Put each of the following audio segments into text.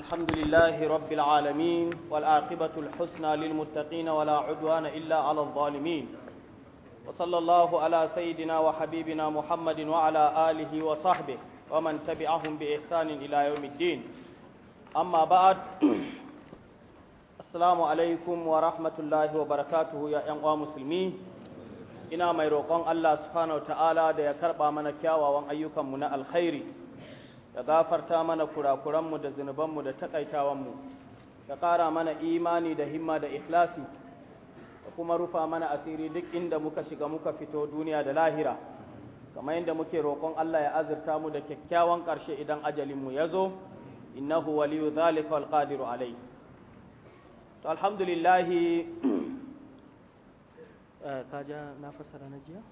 الحمد لله رب العالمين والآقبة الحسنى للمتقين ولا عدوان إلا على الظالمين وصلى الله على سيدنا وحبيبنا محمد وعلى آله وصحبه ومن تبعهم بإحسان إلى يوم الدين أما بعد السلام عليكم ورحمة الله وبركاته يا أنواع مسلمين ina mai roƙon Allah subhanahu wa ta'ala da ya karɓa mana kyawawan ayyukanmu na alkhairi Ka gafarta mana kurakuranmu da zunubanmu da takaitawanmu ka ƙara mana imani da himma da ikhlasi da kuma rufa mana asiri duk inda muka shiga muka fito duniya da lahira kamar yadda muke roƙon Allah ya azurta mu da kyakkyawan ƙarshe idan ajalinmu ya zo innahu waliyu zalika wal qadiru alai to alhamdulillah eh, ka ja na fassara na jiya eh,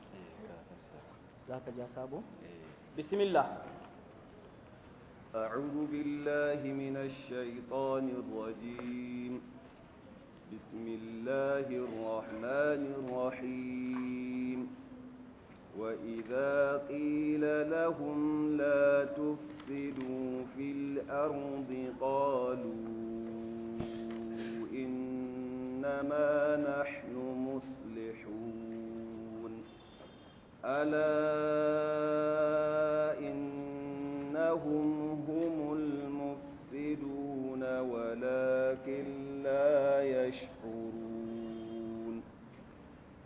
za ka ja sabo bismillah أعوذ بالله من الشيطان الرجيم بسم الله الرحمن الرحيم وإذا قيل لهم لا تفسدوا في الأرض قالوا إنما نحن مصلحون ألا إنهم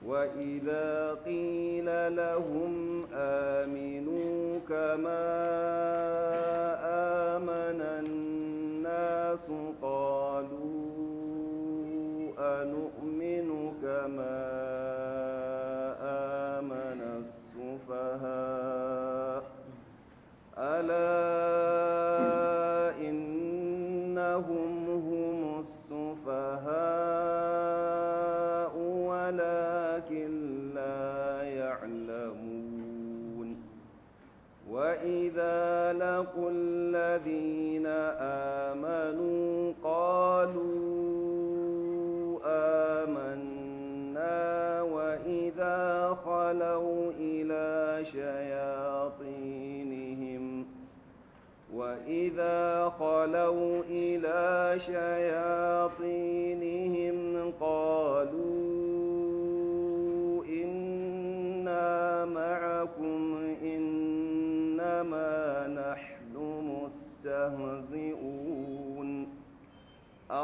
وإذا قيل لهم آمنوا كما آمن الناس قالوا لقوا الذين آمنوا قالوا آمنا وإذا خلوا إلى شياطينهم وإذا خلوا إلى شياطينهم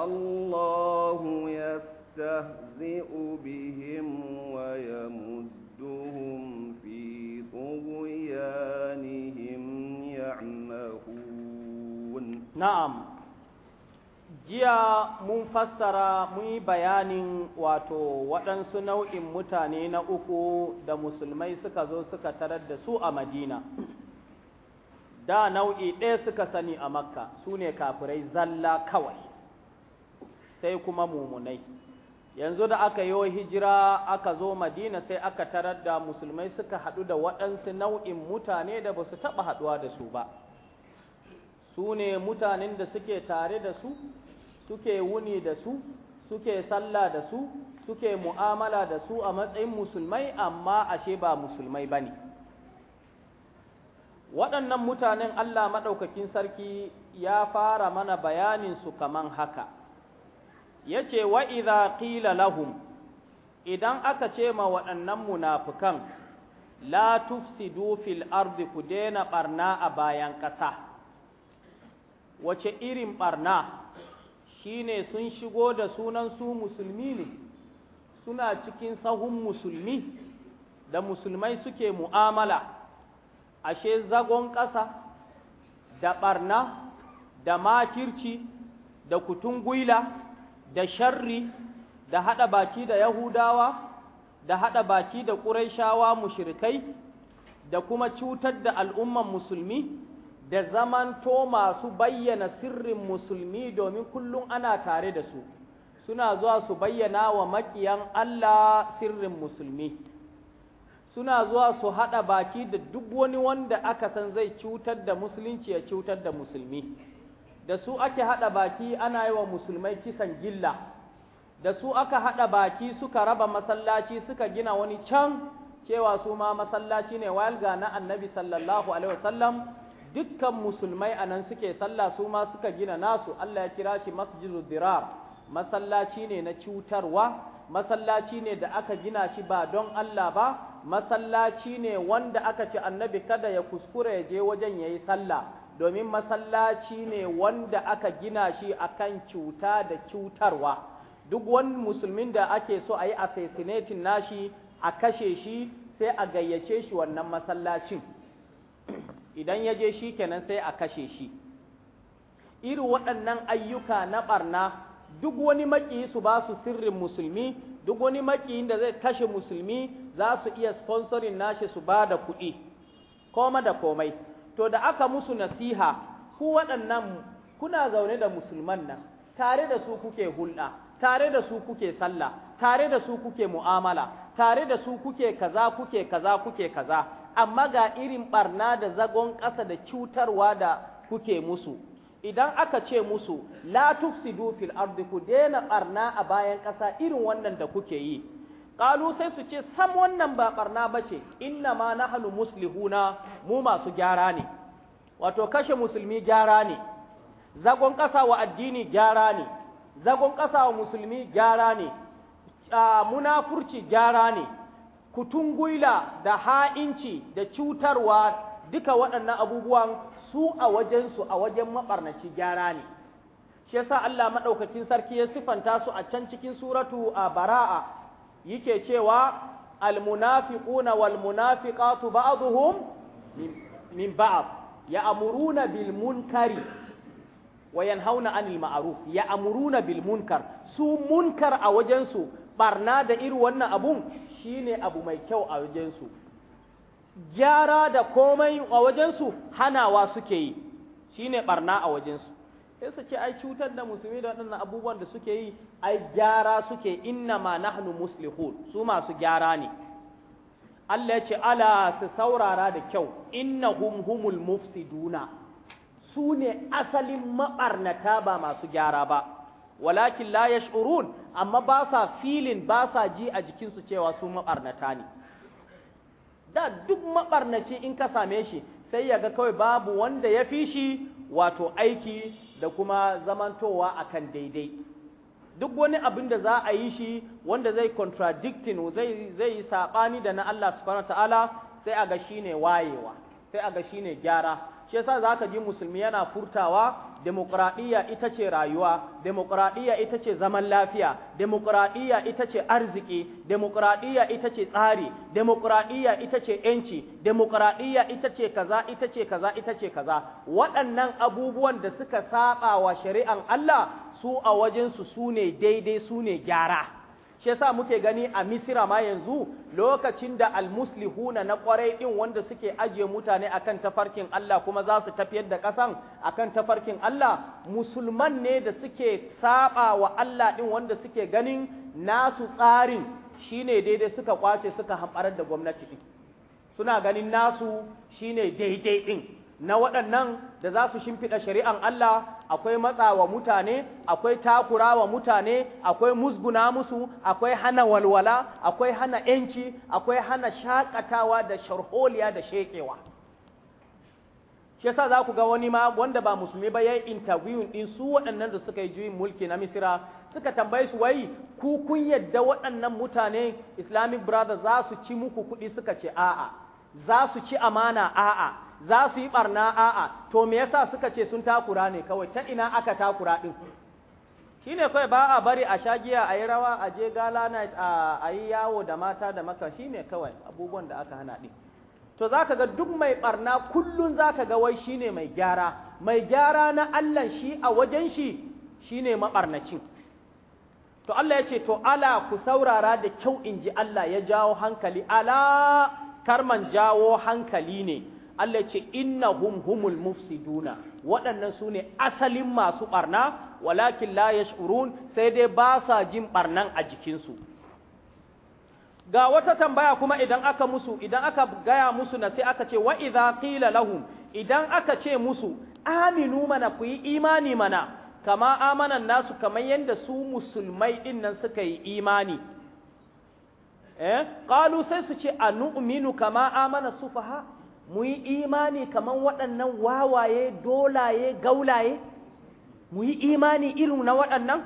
الله يستهزئ بهم ويمدهم في طغيانهم يعمهون نعم jiya mun fassara muyi bayanin wato waɗansu nau'in mutane na uku da musulmai suka zo suka tarar da su a madina da nau'i ɗaya suka sani a makka su ne kafirai zalla kawai sai kuma mumunai yanzu da aka yi hijira aka zo madina sai aka tarar da musulmai suka haɗu da waɗansu nau'in mutane da ba su taɓa haɗuwa da su ba su ne mutanen da suke tare da su suke wuni da su suke sallah da su suke mu'amala da su a matsayin musulmai amma ashe ba musulmai ba ne waɗannan mutanen allah maɗaukakin sarki ya fara mana bayanin su kaman haka yace wa idza qila lahum idan aka ce ma waɗannan munafukan, la tufsidu fil ardi ku daina ɓarna a bayan ƙasa wace irin barna shine sun shigo da sunan su musulmi ne suna cikin sahun musulmi da musulmai suke mu'amala ashe zagon ƙasa da ɓarna, da makirci da kutun gwila da sharri da haɗa baki da yahudawa da haɗa baki da ƙuraishawa mushirikai da kuma cutar da al'umman musulmi da zamanto masu bayyana sirrin musulmi domin kullum ana tare da su suna zuwa su bayyana wa maƙiyan Allah sirrin musulmi suna zuwa su haɗa baki da duk wani wanda aka san zai cutar da musulunci ya cutar da musulmi da su ake haɗa baki ana yi wa musulmai kisan gilla da su aka haɗa baki suka raba masallaci suka gina wani can cewa su ma masallaci ne ga na annabi sallallahu alaihi wasallam dukkan musulmai a nan suke sallah su ma suka gina nasu Allah ya kira shi masjidu dirar masallaci ne na cutarwa masallaci ne da aka gina shi ba don Allah ba masallaci ne wanda aka ci annabi kada ya kuskure ya je wajen yayi sallah domin masallaci ne wanda aka gina shi akan cuta da cutarwa duk wani musulmin da ake so a yi assassinatin nashi a kashe shi sai a gayyace shi wannan masallacin idan ya je shi kenan sai a kashe shi irin waɗannan ayyuka na ɓarna duk wani maƙiyi su ba su sirrin musulmi duk wani maƙiyin da zai kashe musulmi za su iya sponsorin nashi su ba da kuɗi koma da komai to da aka musu nasiha ku waɗannan kuna zaune da musulman nan tare da su kuke hulɗa tare da su kuke sallah tare da su kuke mu'amala tare da su kuke kaza kuke kaza kuke kaza amma ga irin barna da zagon ƙasa da cutarwa da kuke musu idan aka ce musu la tufsidu fil ardi ku daina barna a bayan ƙasa irin wannan da kuke yi qalu sai su ce sam wannan ba barna bace inna ma nahnu muslihuna mu masu gyara ne wato kashe musulmi gyara ne zagon ƙasa wa addini gyara ne zagon ƙasa wa musulmi gyara ne munafurci gyara ne kutungula da ha'inci da cutarwa duka waɗannan abubuwan su a wajensu a wajen maɓarnaci gyara ne shi yasa Allah maɗaukacin sarki ya sifanta su a can cikin suratu a bara'a yake cewa almunafiquna walmunafiqatu ba'dhum min ba'd ya'muruna bil munkari wa yanhauna 'anil ma'ruf ya'muruna bil munkar su munkar a wajensu barna da irin wannan abun shine abu mai kyau a wajensu gyara da komai a wajensu hanawa suke yi shine barna a wajensu sai su ce ai cutar da musulmi da waɗannan abubuwan da suke yi ai gyara suke inna ma nahnu muslihun su masu gyara ne Allah ya ce ala su saurara da kyau innahum humul mufsiduna su ne asalin mabarnata ba masu gyara ba walakin la yash'urun amma ba sa filin ba sa ji a jikin su cewa su mabarnata ne da duk mabarnaci in ka same shi sai ya ga kawai babu wanda ya fi shi wato aiki da kuma zamantowa akan daidai duk wani abin da za a yi shi wanda zai contradicting zai zai yi saɓani da na Allah subhanahu ta'ala sai a ga shine wayewa sai a ga shine gyara shi yasa zaka ji musulmi yana furtawa demokradiyya ita ce rayuwa demokradiyya ita ce zaman lafiya demokradiyya ita ce arziki demokradiyya ita ce tsari demokradiyya ita ce yanci demokradiyya ita ce kaza ita ce kaza ita ce kaza waɗannan abubuwan da suka saba wa shari'an Allah su a wajensu su ne daidai su ne gyara shi yasa muke gani a misira ma yanzu lokacin da almuslihuna na kwarai din wanda suke ajiye mutane akan tafarkin Allah kuma za su tafiyar da ƙasan akan tafarkin Allah musulman ne da suke saba wa Allah din wanda suke ganin nasu tsarin shine daidai suka kwace suka hamɓarar da gwamnati suna ganin nasu shine daidai din na waɗannan da za su shimfiɗa shari'an Allah akwai matsa wa mutane, akwai takura wa mutane, akwai musguna musu, akwai hana walwala, akwai hana ‘yanci, akwai hana shaƙatawa da sharholiya da sheƙewa. Shi yasa za ku ga wani ma wanda ba musulmi ba ya yi ɗin su waɗannan da suka yi juyin mulki na Misira suka tambaye su wai ku kun yadda waɗannan mutane Islamic Brothers za su ci muku kuɗi suka ce a'a, za su ci amana a'a. za su yi ɓarna, a'a to me yasa suka ce sun takura ne kawai ta ina aka takura din shine kawai ba a bari a shagiya a yi rawa a je gala night a yi yawo da mata da maka shine kawai abubuwan da aka hana din to zaka ga duk mai barna kullun zaka ga wai shine mai gyara mai gyara na Allah shi a wajen shi shine mabarnacin to Allah ya ce to ala ku saurara da kyau in ji Allah ya jawo hankali ala karman jawo hankali ne Allah ce hum humul mufsiduna waɗannan su ne asalin masu ɓarna walakin la yash'urun sai dai ba sa jin ɓarnan a jikinsu ga wata tambaya kuma idan aka musu idan aka gaya musu na sai aka ce wa idza qila lahum idan aka ce musu aminu mana ku yi imani mana kama amanan nasu kamar yadda su musulmai din nan suka yi imani eh qalu sai su ce anu'minu kama amana sufaha mu yi imani kamar waɗannan wawaye dolaye gaulaye mu yi imani irin na waɗannan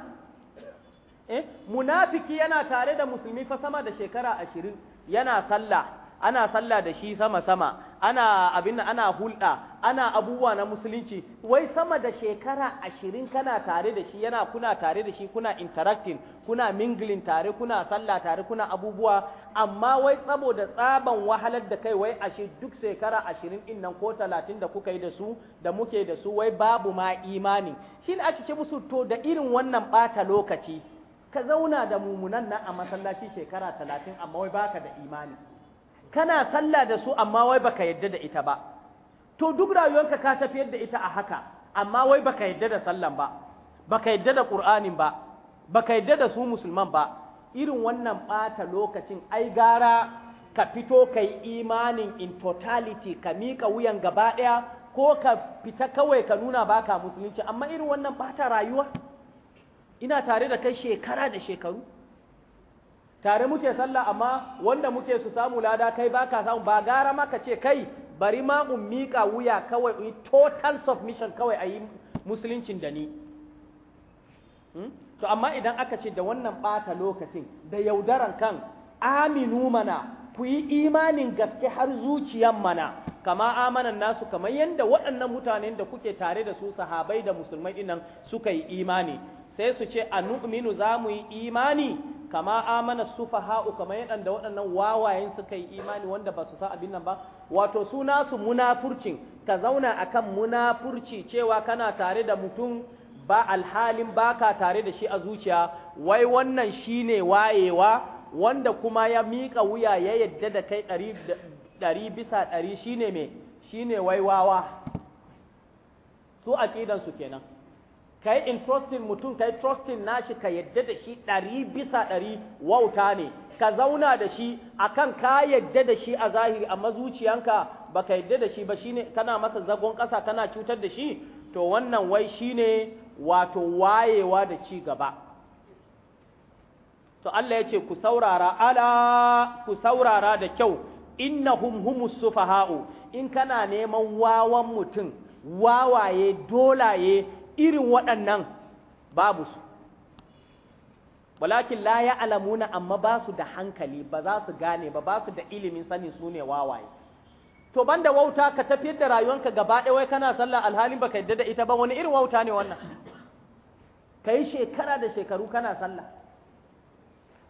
eh munafiki yana tare da musulmi fa sama da shekara ashirin yana sallah ana sallah da shi sama sama ana abin ana hulɗa ana abubuwa na musulunci wai sama da shekara ashirin kana tare da shi yana kuna tare da shi kuna interacting kuna mingling tare kuna sallah tare kuna abubuwa amma wai saboda tsaban wahalar da kai wai ashe duk shekara ashirin din nan ko talatin da kuka yi da su da muke da su wai babu ma imani shi ne ake ce musu to da irin wannan ɓata lokaci ka zauna da mumunan nan a masallaci shekara talatin amma wai baka da imani kana sallah da su amma wai baka yadda da ita ba to duk rayuwarka ka tafiyar da ita a haka amma wai baka yadda da sallan ba baka yadda da qur'anin ba baka yadda da su musulman ba irin wannan bata lokacin ai gara ka fito kai imanin in totality ka mika wuyan gaba daya ko ka fita kawai ka nuna baka musulunci amma irin wannan bata rayuwa ina tare da kai shekara da shekaru tare muke sallah amma wanda muke su samu lada kai baka samu ba gara ma ka ce kai bari ma mu miƙa wuya kawai yi total submission kawai ayi yi musuluncin da ni hmm? to amma idan aka ce da wannan ɓata lokacin da yaudaran kan aminu mana ku yi imanin gaske har zuciyan mana kama amanan nasu kamar yadda waɗannan mutanen da kuke tare da su sahabai da musulmai ɗinnan suka yi imani sai su ce a nu'minu za mu yi imani kama amana sufaha'u kama yadan da waɗannan wawayen suka yi imani wanda ba su sa abin nan ba wato su munafurcin ka zauna a kan munafurci cewa kana tare da mutum ba alhalin baka tare da shi a zuciya wai wannan shi ne wayewa wanda kuma ya miƙa wuya ya yadda da kai ɗari bisa ɗari shine me wai wawa su a aƙidansu kenan ka yi trustin mutum ka yi trustin nashi ka yadda da shi ɗari bisa ɗari wauta ne ka zauna da shi akan ka yadda da shi a zahiri amma zuciyanka ba ka yadda da shi ba shine kana masa zagon ƙasa kana cutar da shi to wannan wai shine wato wayewa da ci gaba to Allah ya ce ku saurara ala ku saurara da kyau innahum humus sufaha'u in kana neman wawan mutum wawaye dolaye irin waɗannan babu su walakin la ya alamuna amma ba su da hankali ba za su gane ba ba su da ilimin sani su ne wawaye to banda wauta ka tafiyar da rayuwanka gaba ɗaya wai kana sallah alhalin baka yadda da ita ba wani irin wauta ne wannan Ka yi shekara da shekaru kana sallah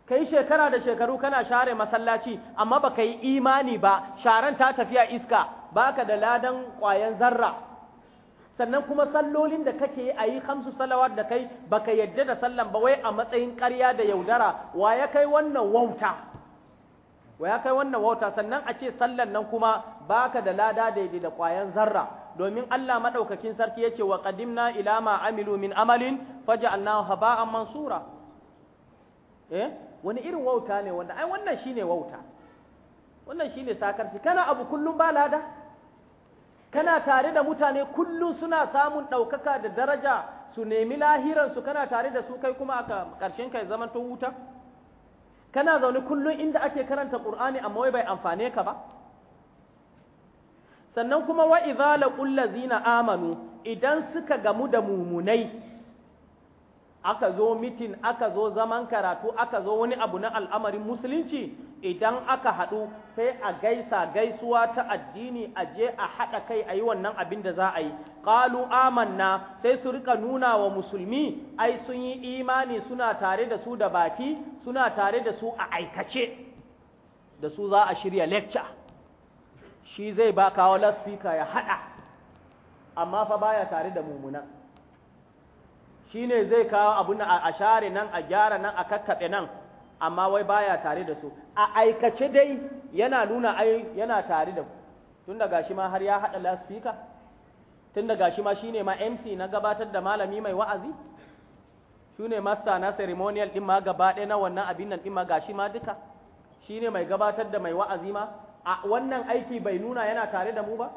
Ka yi shekara da shekaru kana share masallaci amma baka yi imani ba sharan ta tafiya iska baka da ladan ƙwayan zarra sannan kuma sallolin da kake yi a yi hamsu salawat da kai baka yadda da sallan ba wai a matsayin karya da yaudara wa ya kai wannan wauta wa ya kai wannan wauta sannan a ce sallan nan kuma baka da lada daidai da ƙwayan zarra domin Allah maɗaukakin sarki ya ce wa qadimna ila ma amilu min amalin haba'an mansura eh, wani irin wauta ne wanda wannan shine wauta wannan shine sakarci kana abu kullum ba lada kana tare da mutane kullum suna samun ɗaukaka da daraja su nemi lahiransu kana tare da su kai kuma a ƙarshen kai zaman to wuta kana zaune kullum inda ake karanta ƙur'ani amma wai bai amfane ka ba sannan kuma wa idza laqul ladzina amanu idan suka gamu da mumunai aka zo mitin aka zo zaman karatu aka zo wani abu na al'amarin musulunci idan aka haɗu sai a gaisa gaisuwa ta addini a je a haɗa kai a yi wannan abin da za a yi ƙalu amanna sai su rika nuna wa musulmi ai sun yi imani suna tare da su da baki suna tare da su a aikace da su za a shirya lecture shi zai ba kawo laspika ya haɗa amma fa baya tare da mumunan shine zai kawo abun a share nan a gyara nan a kakkaɓe nan amma wai baya tare da su a aikace dai yana nuna ai yana tare da tun da gashi ma har ya haɗa laspika tun da gashi ma shine ma MC na gabatar da malami mai wa'azi shine master na ceremonial din ma gaba ɗaya na wannan abin nan din ma gashi ma duka shine mai gabatar da mai wa'azi ma a wannan aiki bai nuna yana tare da mu ba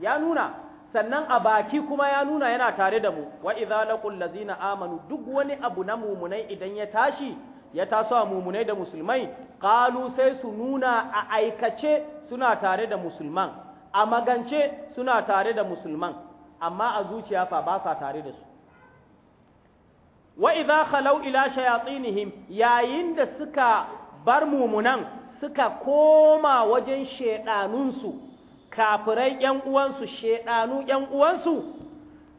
ya nuna sannan a baki kuma ya nuna yana tare da mu wa idza laqul ladzina amanu duk wani abu na mumunai idan ya tashi ya taso a mumunai da musulmai qalu sai su nuna a aikace suna tare da musulman a magance suna tare da musulman amma a zuciya fa ba sa tare da su wa idza khalau ila shayatinihim yayin da suka bar mumunan suka koma wajen shedanunsu kafirai ‘yan uwansu, shedanu ‘yan uwansu,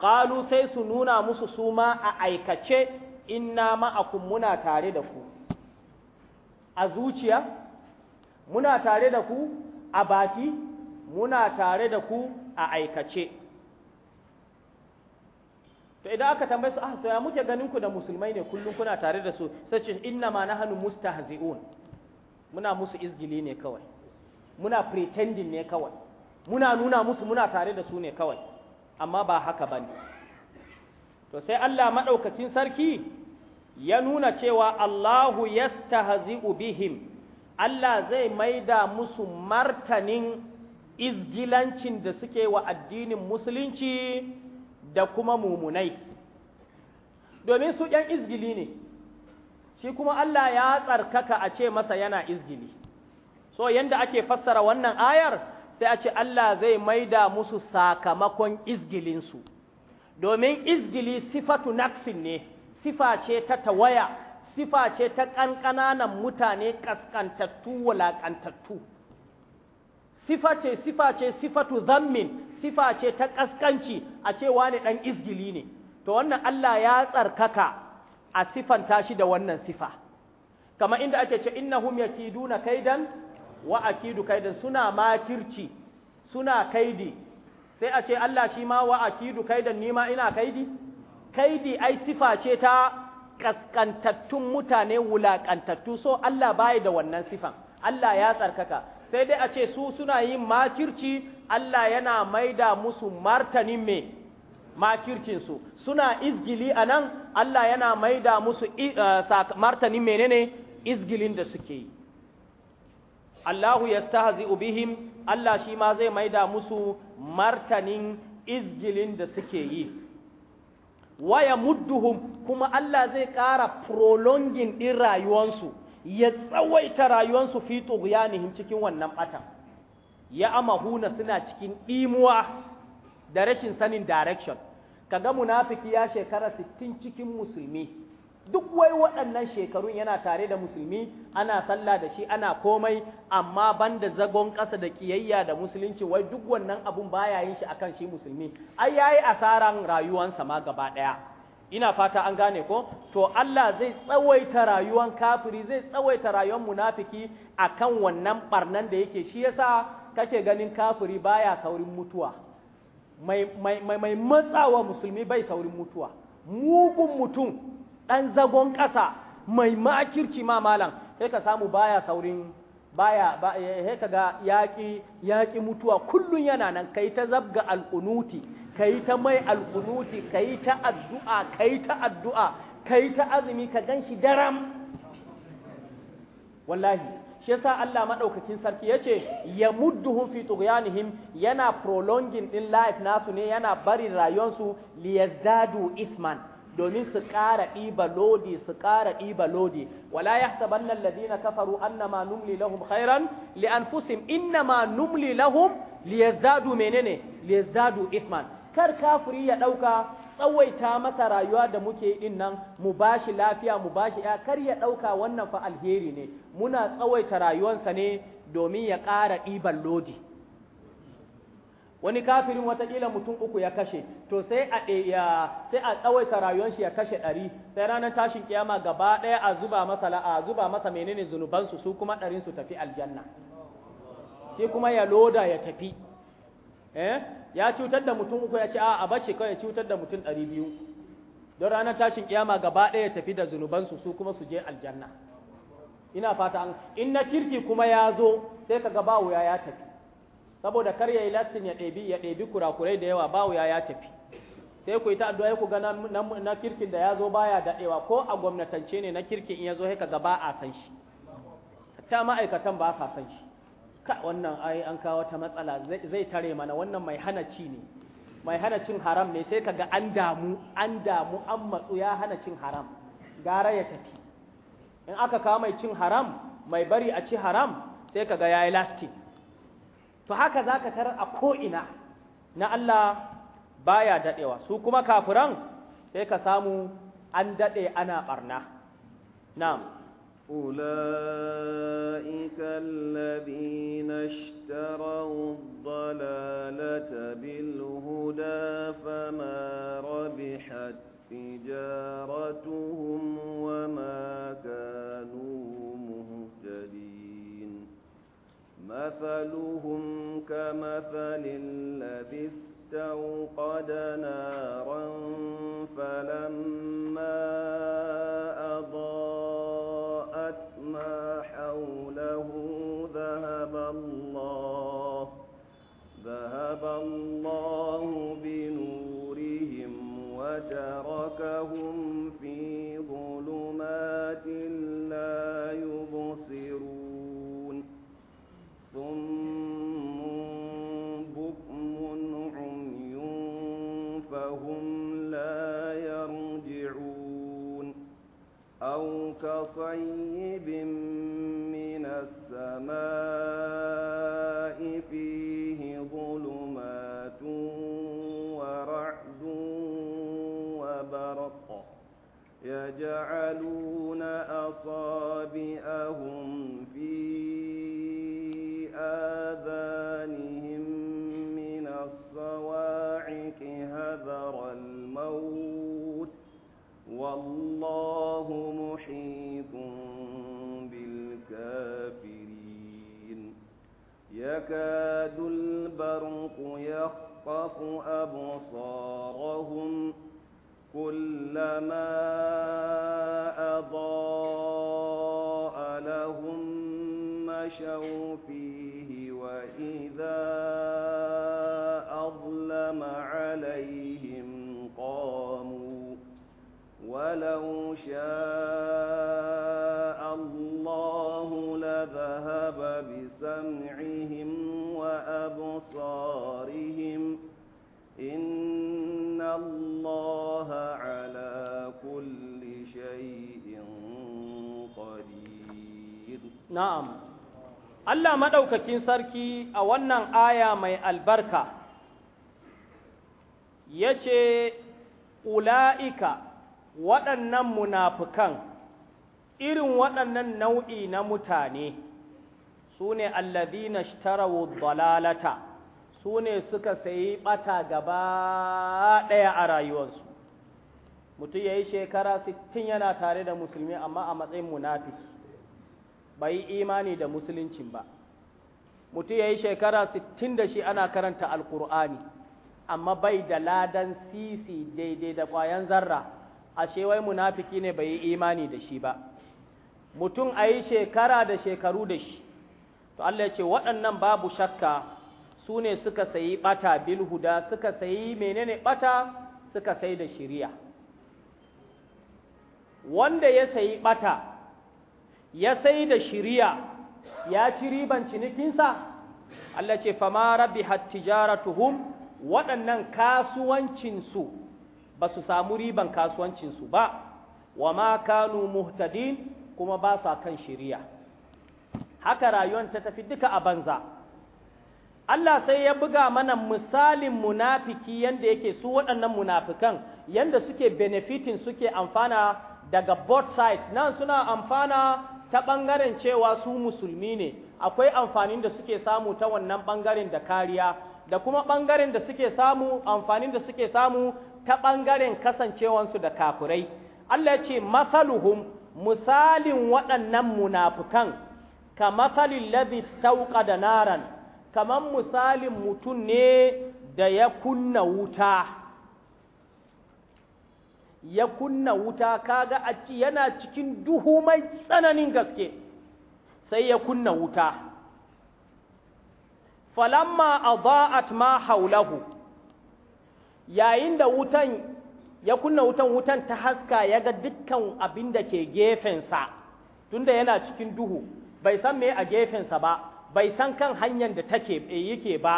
qalu sai su nuna musu su ma a aikace, inna ma'akun muna tare da ku, a zuciya, muna tare da ku a baki, muna tare da ku a aikace. To idan aka tambaye su, ah, to ya muke ganin ku da musulmai ne kullum kuna tare da su, sai ce, inna ma na hannu mustahzi'un, muna musu izgili ne kawai, muna pretending ne kawai. muna nuna musu muna tare da su ne kawai amma ba haka ba ne to sai Allah maɗaukacin sarki ya nuna cewa Allahu yastahzi'u bihim Allah zai maida musu martanin izgilancin da suke wa addinin musulunci da kuma mumunai domin su ‘yan izgili ne shi kuma Allah ya tsarkaka a ce masa yana izgili so yanda ake fassara wannan ayar sai a ce Allah zai maida musu sakamakon izgilinsu domin izgili sifatu naksin ne sifa ce ta tawaya sifa ce ta ƙanƙananan mutane ƙasƙantattu walaƙantattu sifa ce sifa ce sifatu zammin sifa ce ta ƙasƙanci a cewa ne ɗan izgili ne to wannan Allah ya tsarkaka a sifanta shi da wannan sifa kama inda ake ce innahum yakiduna kaidan wa akidu kaidin suna makirci suna kaidi sai a ce Allah shi ma wa akidu kaidan ni ma ina kaidi kaidi ai sifa ce ta kaskantattun mutane wulakantattu so Allah bai da wannan sifan Allah ya tsarkaka sai dai a ce su suna yin makirci Allah yana maida musu martanin me makircinsu suna izgili a nan Allah yana maida musu eh, martanin menene izgilin da suke yi Allahu stahazi ubihim Allah shi ma zai maida musu martanin izgilin da suke yi waya mudduhum kuma Allah zai ƙara prolongin ɗin rayuwansu ya tsawaita rayuwansu fito tughyanihim cikin wannan batan ya amahuna suna cikin imuwa da rashin sanin direction kaga munafiki ya shekara sittin cikin musulmi duk wai waɗannan shekarun yana tare da musulmi ana sallah da shi ana komai amma banda zagon ƙasa da ƙiyayya da musulunci wai duk wannan abun baya yin shi akan shi musulmi ai yayi asaran rayuwansa ma gaba ɗaya ina fata an gane ko to Allah zai tsawaita rayuwan kafiri zai tsawaita rayuwan munafiki akan wannan barnan da yake shi yasa kake ganin kafiri baya saurin mutuwa mai mai mai matsawa musulmi bai saurin mutuwa mugun mutum ɗan zagon ƙasa mai makirci ma malam sai ka samu baya saurin baya ba eh, sai ka ga yaƙi yaƙi mutuwa kullun yana nan kai ta zabga alƙunuti kai ta mai alunuti kai ta addu'a kai ta addu'a kai ta azumi ka ganshi daram wallahi shi yasa Allah madaukakin sarki yace ya mudduhum fi tughyanihim yana prolonging din life nasu ne yana barin rayuwarsu liyazdadu isman domin su ƙara ɗiba lodi su ƙara ɗiba lodi wala yahsabanna ladina kafaru annama numli lahum khairan li anfusihim innama numli lahum liyazdadu menene liyazdadu ifman kar kafiri ya ɗauka tsawaita masa rayuwa da muke ɗin nan mu bashi lafiya mu bashi ya kar ya ɗauka wannan fa alheri ne muna tsawaita rayuwansa ne domin ya ƙara ɗiban lodi wani kafirin watakila mutum uku ya kashe to sai a ya sai a tsawaita rayuwar shi ya kashe ɗari sai ranar tashin kiyama gaba ɗaya a zuba masa a zuba masa menene zunubansu su kuma ɗarin su tafi aljanna shi kuma ya loda ya tafi eh ya cutar da mutum uku ya ce a bar shi kawai ya cutar da mutum ɗari biyu don ranar tashin kiyama gaba ɗaya ya tafi da zunubansu su kuma su je aljanna ina fata an in na kirki kuma ya zo sai ka ga wuya ya tafi saboda kar ya yi lastin ya ɗebi ya ɗebi kurakurai da yawa ba wuya ya tafi sai ku yi ta addu'a ku ga na, kirkin da ya zo baya daɗewa ko a gwamnatance ne na kirkin in ya zo haka gaba a san shi ta ma'aikatan ba sa san shi ka wannan ai an kawo ta matsala zai tare mana wannan mai hana ci ne mai hana cin haram ne sai kaga an damu an damu an matsu ya hana cin haram gara ya tafi in aka kawo mai cin haram mai bari a ci haram sai ka ga ya yi lasting to haka za ka tarar a ko'ina na Allah baya daɗewa su kuma kafiran sai ka samu an daɗe ana ɓarna na'am أولئك الذين اشتروا الضلالة بالهدى فما ربحت تجارتهم مثلهم كمثل الذي استوقد نارا فلما أضاءت ما حوله ذهب الله ذهب الله كصيب من السماء فيه ظلمات ورعد وبرق يجعلون أصابئهم يكاد البرق يخطف أبصارهم كلما أضاء لهم مشوا فيه وإذا أظلم عليهم قاموا ولو شاء الله لذهب بسمعهم أبصارهم إن الله على كل شيء قدير نعم Allah maɗaukakin sarki a wannan aya mai albarka ya ce, Ula'ika waɗannan munafukan irin waɗannan nau'i na mutane su ne allazina ishtarawu dalalata su ne suka sayi ɓata gaba ɗaya a rayuwarsu mutum ya yi shekara sittin yana tare da musulmi amma a matsayin munafiki bai yi imani da musuluncin ba mutum ya yi shekara sittin da shi ana karanta alkur'ani amma bai da ladan sisi daidai da ƙwayan zarra ashe wai munafiki ne bai yi imani da shi ba mutum a yi shekara da shekaru da shi to Allah ya ce waɗannan babu shakka su ne suka sayi bata bil huda suka sayi menene bata suka sai da shiriya wanda ya sayi bata ya sai da shiriya ya ci riban cinikinsa Allah ce fama rabihat tijaratuhum waɗannan kasuwancinsu ba su samu riban kasuwancinsu ba wa ma kanu muhtadin kuma ba sa kan shiriya haka rayuwar ta tafi duka a banza Allah sai ya buga mana misalin munafiki yanda yake su waɗannan munafikan yanda suke benefitin suke amfana daga both sides nan suna amfana ta ɓangaren cewa su musulmi ne akwai amfanin da suke samu ta wannan ɓangaren da kariya da kuma ɓangaren da suke samu amfanin da suke samu ta ɓangaren kasancewansu da kafurai Allah ya ce masaluhum misalin waɗannan munafukan ka masalin ladhi sauƙa da naran kaman misalin mutum ne da ya kunna wuta ya kunna wuta kaga a ci yana cikin duhu mai tsananin gaske sai ya kunna wuta falamma adaat ma haulahu yayin da wutan ya kunna wutan wutan ta haska ya ga dukkan abin da ke gefensa tunda yana cikin duhu bai san me a gefensa ba bai san kan hanyar da take eh, yake ba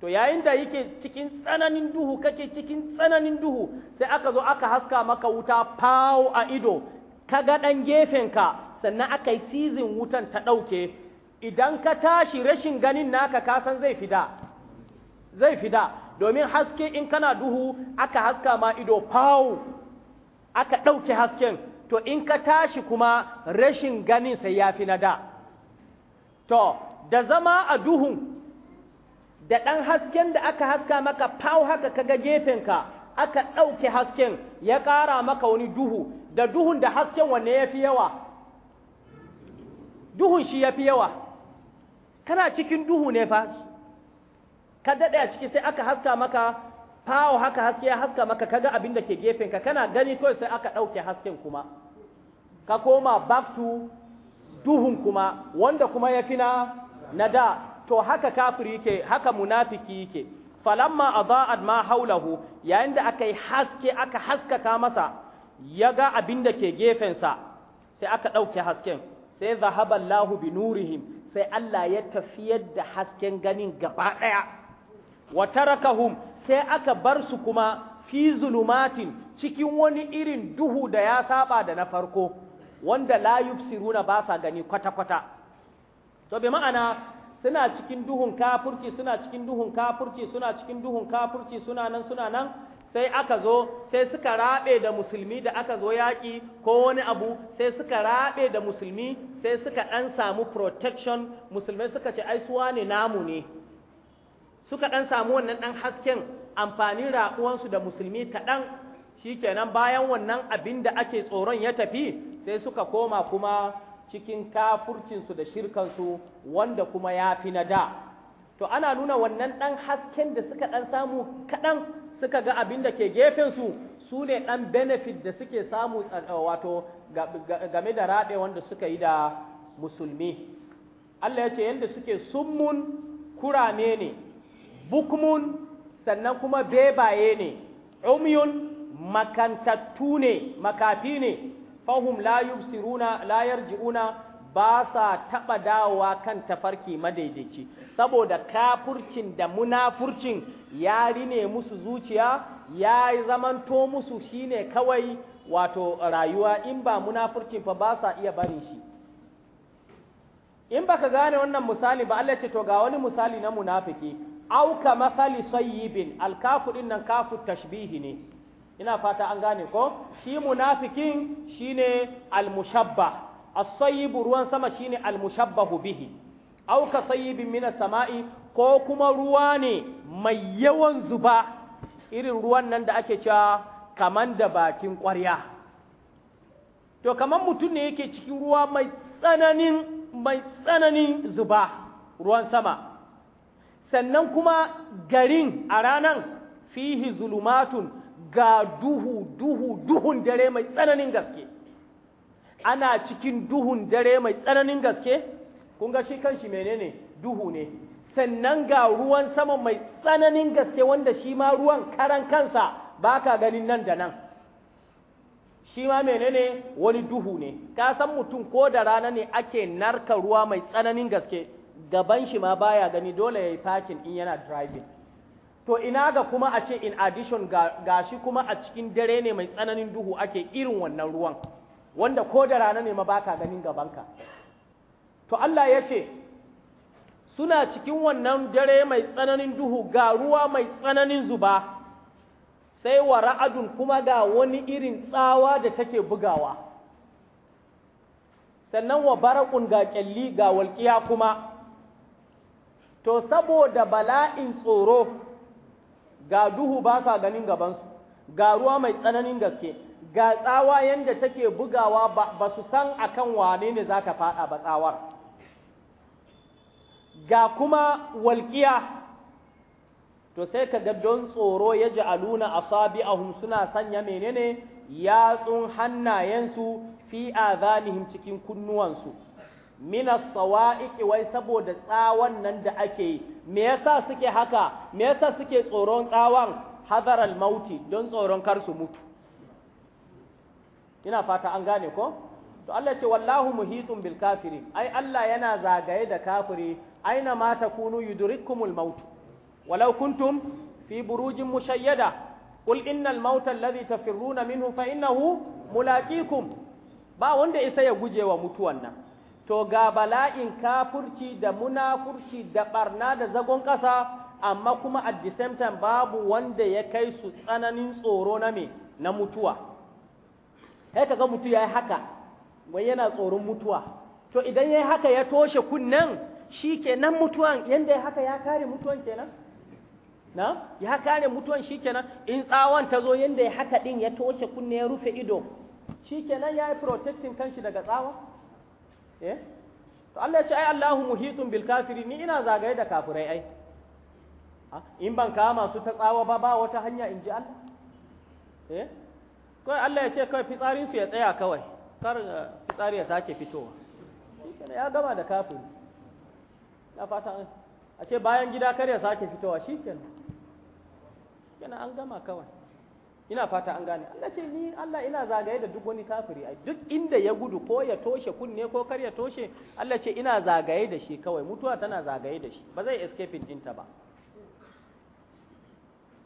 to yayin da yake cikin tsananin duhu kake cikin tsananin duhu sai aka zo aka haska maka wuta fawo a ido ka ga ɗan ka, sannan aka yi sizin wutan ta ɗauke idan ka tashi rashin ganin naka san zai fida zai fida domin haske in kana duhu aka haska ma ido fawo aka ɗauke hasken to in ka tashi kuma rashin ganin sai ya fi na da to da zama a duhun da ɗan hasken da aka haska maka fau haka kaga gefenka aka ɗauke hasken ya ƙara maka wani duhu da duhun da hasken wanne ya fi yawa duhun shi ya fi yawa kana cikin duhu ne fa ka daɗe a ciki sai aka haska maka fau haka haske ya haska maka kaga abin da ke gefenka kana gani kawai sai aka ɗauke hasken kuma ka koma back to duhun kuma wanda kuma ya fi na da to haka kafiri yake haka munafiki yake falamma adaa'at ma haulahu yayin da aka yi haske aka haskaka masa ya ga abin da ke gefensa sai aka ɗauke hasken sai zahaba Allahu bi nurihim sai Allah ya tafiyar da hasken ganin gaba ɗaya wa tarakahum sai aka bar su kuma fi zulumatin cikin wani irin duhu da ya saba da na farko wanda la yubsiruna ba sa gani kwata-kwata to bi ma'ana suna cikin duhun kafurci suna cikin duhun kafurci suna cikin duhun kafurci suna nan suna nan sai aka zo sai suka rabe da musulmi da aka zo yaki ko wani abu sai suka rabe da musulmi sai suka dan samu protection musulmai suka ce ai suwa ne namu ne suka dan samu wannan dan hasken amfani raƙuwansu da musulmi kaɗan shikenan bayan wannan abin da ake tsoron ya tafi sai suka koma kuma cikin kafurcinsu da shirkansu wanda kuma ya fi na da to ana nuna wannan ɗan hasken da suka ɗan samu kaɗan suka ga abin da ke gefensu su ne ɗan benefit da suke samu wato game da raɗe wanda suka yi da musulmi Allah ya ce yadda suke summun kurame ne bukmun sannan kuma bebaye ne umyun makantattu ne makafi ne fahum la yubsiruna la yarji'una ba sa taɓa dawowa kan tafarki madaidaici saboda kafurcin da munafurcin ya rine musu zuciya ya yi zamanto musu shine kawai wato rayuwa in ba munafurcin fa ba sa iya barin shi in baka gane wannan misali ba Allah ce to ga wani misali na munafiki auka masali sayyibin alkafu din nan kafu tashbihi ne ina fata an gane ko shi munafikin shine almushabba as-sayyib ruwan sama shine almushabbahu bihi aw ka sayyibin min samai ko kuma ruwa ne mai yawan zuba irin ruwan nan da ake cewa kaman da bakin ƙwarya to kaman mutum ne yake cikin ruwa mai tsananin mai tsananin zuba ruwan sama sannan kuma garin a ranan fihi zulumatun ga duhu duhu duhun dare mai tsananin gaske ana cikin duhun dare mai tsananin gaske kun ga shi kanshi menene duhu ne sannan ga ruwan sama mai tsananin gaske wanda shi ma ruwan karan kansa baka ka ganin nan da nan shi ma menene wani duhu ne ka san mutum ko da rana ne ake narka ruwa mai tsananin gaske gaban shi ma baya gani dole ya yi fakin in yana driving to ina ga kuma a ce in addition ga shi kuma a cikin dare ne mai tsananin duhu ake irin wannan ruwan wanda ko da rana ne ma baka ganin gabanka to Allah ya ce suna cikin wannan dare mai tsananin duhu ga ruwa mai tsananin zuba sai wa ra'adun kuma ga wani irin tsawa da take bugawa sannan wa barakun ga kyalli ga walƙiya kuma to saboda bala'in tsoro ga duhu ba sa ganin gabansu ga ruwa mai tsananin gaske ga tsawa yadda take bugawa ba su san akan wane ne za ka faɗa ba tsawar ga kuma walƙiya to sai ka ga don tsoro ya ji aluna a suna sanya menene yatsun hannayensu fi azanihim cikin kunnuwansu minas sawa'iqi wai saboda tsawon nan da ake yi me yasa suke haka me yasa suke tsoron tsawan hadaral mauti don tsoron kar su mutu ina fata an gane ko to Allah ce wallahu muhitun bil kafiri ai Allah yana zagaye da kafiri aina ma takunu yudrikkumul maut walau kuntum fi burujin mushayyada qul innal mauta alladhi tafirruna minhu fa innahu mulaqikum ba wanda isa ya gujewa mutuwan nan to ga bala'in kafurci da munafurci da barna da zagon ƙasa amma kuma a the babu wanda ya kai su tsananin tsoro na me na mutuwa sai kaga mutu yayi haka wai yana tsoron mutuwa to idan yayi haka ya toshe kunnen shikenan mutuwan yanda ya haka ya kare mutuwan kenan na ya kare mutuwan shikenan in tsawon ta zo yanda ya haka din ya toshe kunne ya rufe ido shikenan yayi protecting kanshi daga tsawon. eh to Allah ya ce ai Allahu muhitun bil kafirin ni ina zagaye da kafirai ai in ban kama su ta tsawa ba ba wata hanya in ji Allah eh kawai Allah ya ce kawai fitsarin su ya tsaya kawai kar eh, fitsari ya sake fitowa ya gama da kafiri na fata a ce bayan gida kar ya sake fitowa shikenan kenan an gama kawai ina fata an gane Allah ce ni Allah ina zagaye da duk wani kafiri ai duk inda ya gudu ko ya toshe kunne ko kar ya toshe Allah ce ina zagaye da shi kawai mutuwa tana zagaye da shi ba zai escape ta ba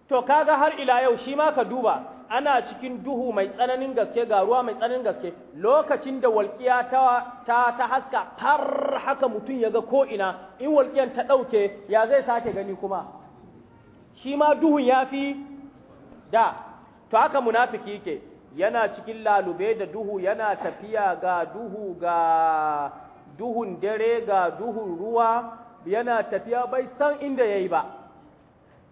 to kaga har ila yau shi ma ka duba ana cikin duhu mai tsananin gaske ga ruwa mai tsananin gaske lokacin da walƙiya ta, ta, ta haska har haka mutum ya ga ko ina in walƙiyar ta ɗauke ya zai sake gani kuma shi ma duhun ya fi da to haka munafiki yake yana cikin lalube da duhu yana tafiya ga duhu ga duhun dare ga duhun ruwa yana tafiya bai san inda yayi ba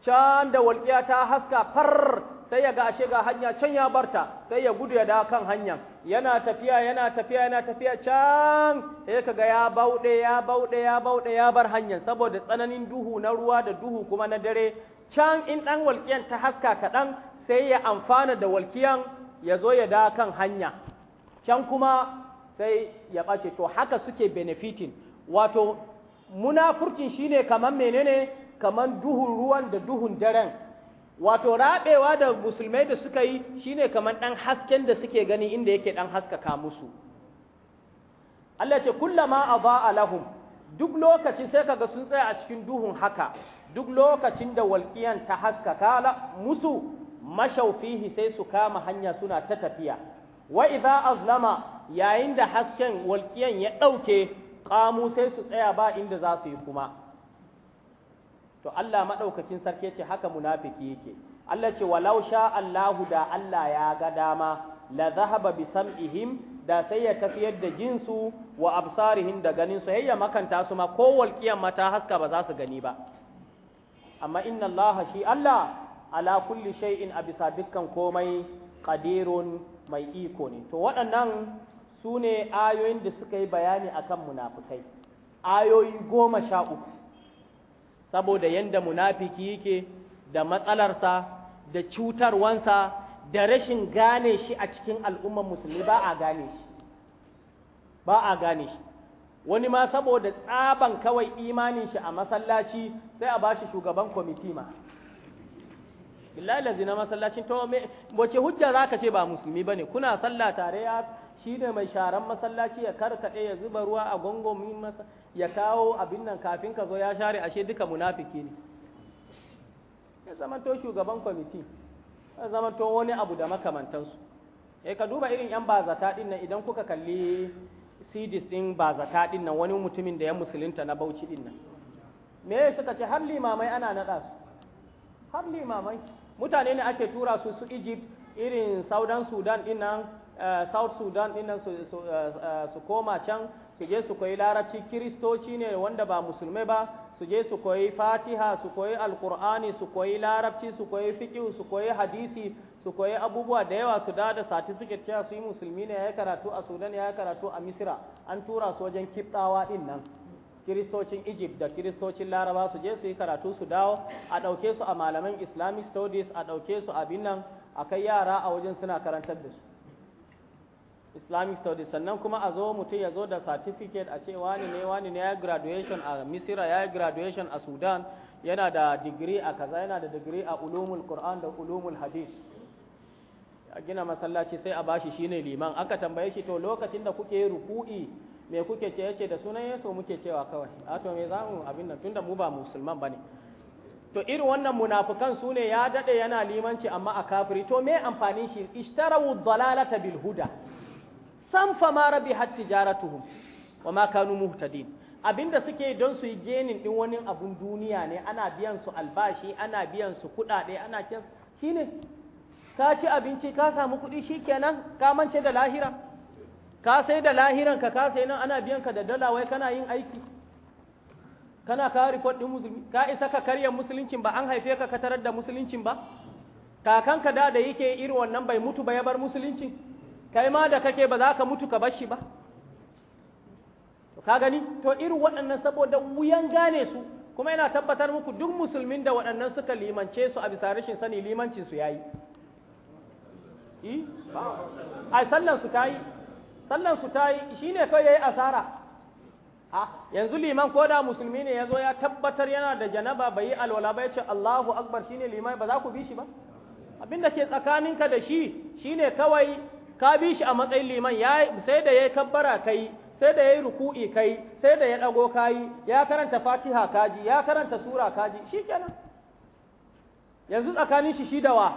can da walƙiya ta haska far sai ya ga ashe ga hanya can ya barta sai ya gudu ya da kan hanya yana tafiya yana tafiya yana tafiya can sai kaga ya bauɗe ya bauɗe ya bauɗe ya bar hanya saboda tsananin duhu na ruwa da duhu kuma na dare can in ɗan walƙiyan ta haska kaɗan sai ya amfana da walkiyan ya zo ya da kan hanya can kuma sai ya ɓace to haka suke benefitin wato munafurcin shine kaman menene kaman duhun ruwan da duhun daren wato raɓewa da musulmai da suka yi shine kaman ɗan hasken da suke gani inda yake ɗan haskaka musu Allah ce kullama a ba duk lokacin sai kaga sun tsaya a cikin duhun haka duk lokacin da walƙiyan ta haskaka musu mashaufihi sai su kama hanya suna ta tafiya wa idza azlama yayin da hasken walkiyan ya ɗauke ƙamu sai su tsaya ba inda za su yi kuma to Allah maɗaukakin sarki ce haka munafiki yake Allah ce walau sha Allahu da Allah ya ga dama la zahaba bi sam'ihim da sai ya tafiyar da jinsu wa absarihim da ganin su ya makanta su ma ko walkiyan mata haska ba za su gani ba amma inna Allah shi Allah ala kulli shay'in a bisa dukkan komai qadirun mai iko ne to waɗannan su ne ayoyin da suka yi bayani akan munafukai ayoyi goma sha uku saboda yadda munafiki yake da matsalarsa da cutarwansa da rashin gane shi a cikin al'ummar musulmi ba a gane shi ba a gane shi wani ma saboda tsaban kawai imanin shi a masallaci sai a bashi shugaban kwamiti ma billahi lazi na masallacin to me wace hujja zaka ce ba musulmi bane kuna sallah tare ya shi ne mai sharan masallaci ya karkade ya zuba ruwa a gongomin masa ya kawo abin nan kafin ka zo ya share ashe duka munafiki ne ya to shugaban kwamiti ya to wani abu da su eh ka duba irin yan bazata din nan idan kuka kalli CDs din bazata din nan wani mutumin da ya musulunta na Bauchi din nan me suka ce har limamai ana nada su har limamai mutane ne ake tura su su egypt irin southern sudan nan eh, south sudan dinnan eh, su koma can su je su koyi larabci kiristoci ne wanda ba musulmai ba su je su koyi fatiha su koyi alkur'ani su koyi larabci su koyi fiqh su koyi hadisi su koyi abubuwa da yawa su dada da certificate cewa su yi musulmi ne ya karatu a sudan ya karatu a misira an tura su wajen kibtawa din nan kiristocin egypt da kiristocin laraba su je su yi karatu su dawo a ɗauke su a malaman islamic studies a ɗauke su abin nan a kai yara a wajen suna karantar da su islamic studies sannan kuma a zo mutum ya zo da certificate a ce wani ne wani ne ya graduation a misira ya yi graduation a sudan yana da digiri a kaza yana da digiri a ulumul qur'an da ulumul hadith a gina masallaci sai a bashi shine liman aka tambaye shi to lokacin da kuke ruku'i me kuke ce yace da sunan yeso muke cewa kawai a to me za mu abin nan tunda mu ba musulman bane to irin wannan munafukan su ne ya dade yana limanci amma a kafiri to me amfanin shi ishtarawu dalalata bil huda san fa ma hat tijaratuhum wa ma kanu muhtadin abinda suke don su yi genin din wani abun duniya ne ana biyan su albashi ana biyan su kuɗaɗe ana kin shine ka ci abinci ka samu kuɗi shikenan ka mance da lahira ka sai da lahiran ka ka sai nan ana biyan ka da dala wai kana yin aiki kana ka report din musulmi ka isa ka karya musuluncin ba an haife ka ka tarar da musuluncin ba kakanka da da yake irin wannan bai mutu ba ya bar musuluncin kai ma da kake ba za ka mutu ka bar shi ba to ka gani to irin waɗannan saboda wuyan gane su kuma yana tabbatar muku duk musulmin da waɗannan suka limance su a bisa rashin sani limancin su yayi eh? a sallan su ta yi sallan su ta yi shi ne kawai ya yi asara a yanzu liman ko da musulmi ne ya zo ya tabbatar yana da janaba bai yi alwala ba ya ce Allahu akbar shi ne liman ba za ku bi shi ba abinda da ke tsakaninka da shi shi ne kawai ka bi shi a matsayin liman sai da ya yi kabbara kai sai da ya yi ruku'i kai sai da ya ɗago kayi ya karanta fatiha kaji ya karanta sura kaji shi kenan yanzu tsakanin shi shi da wa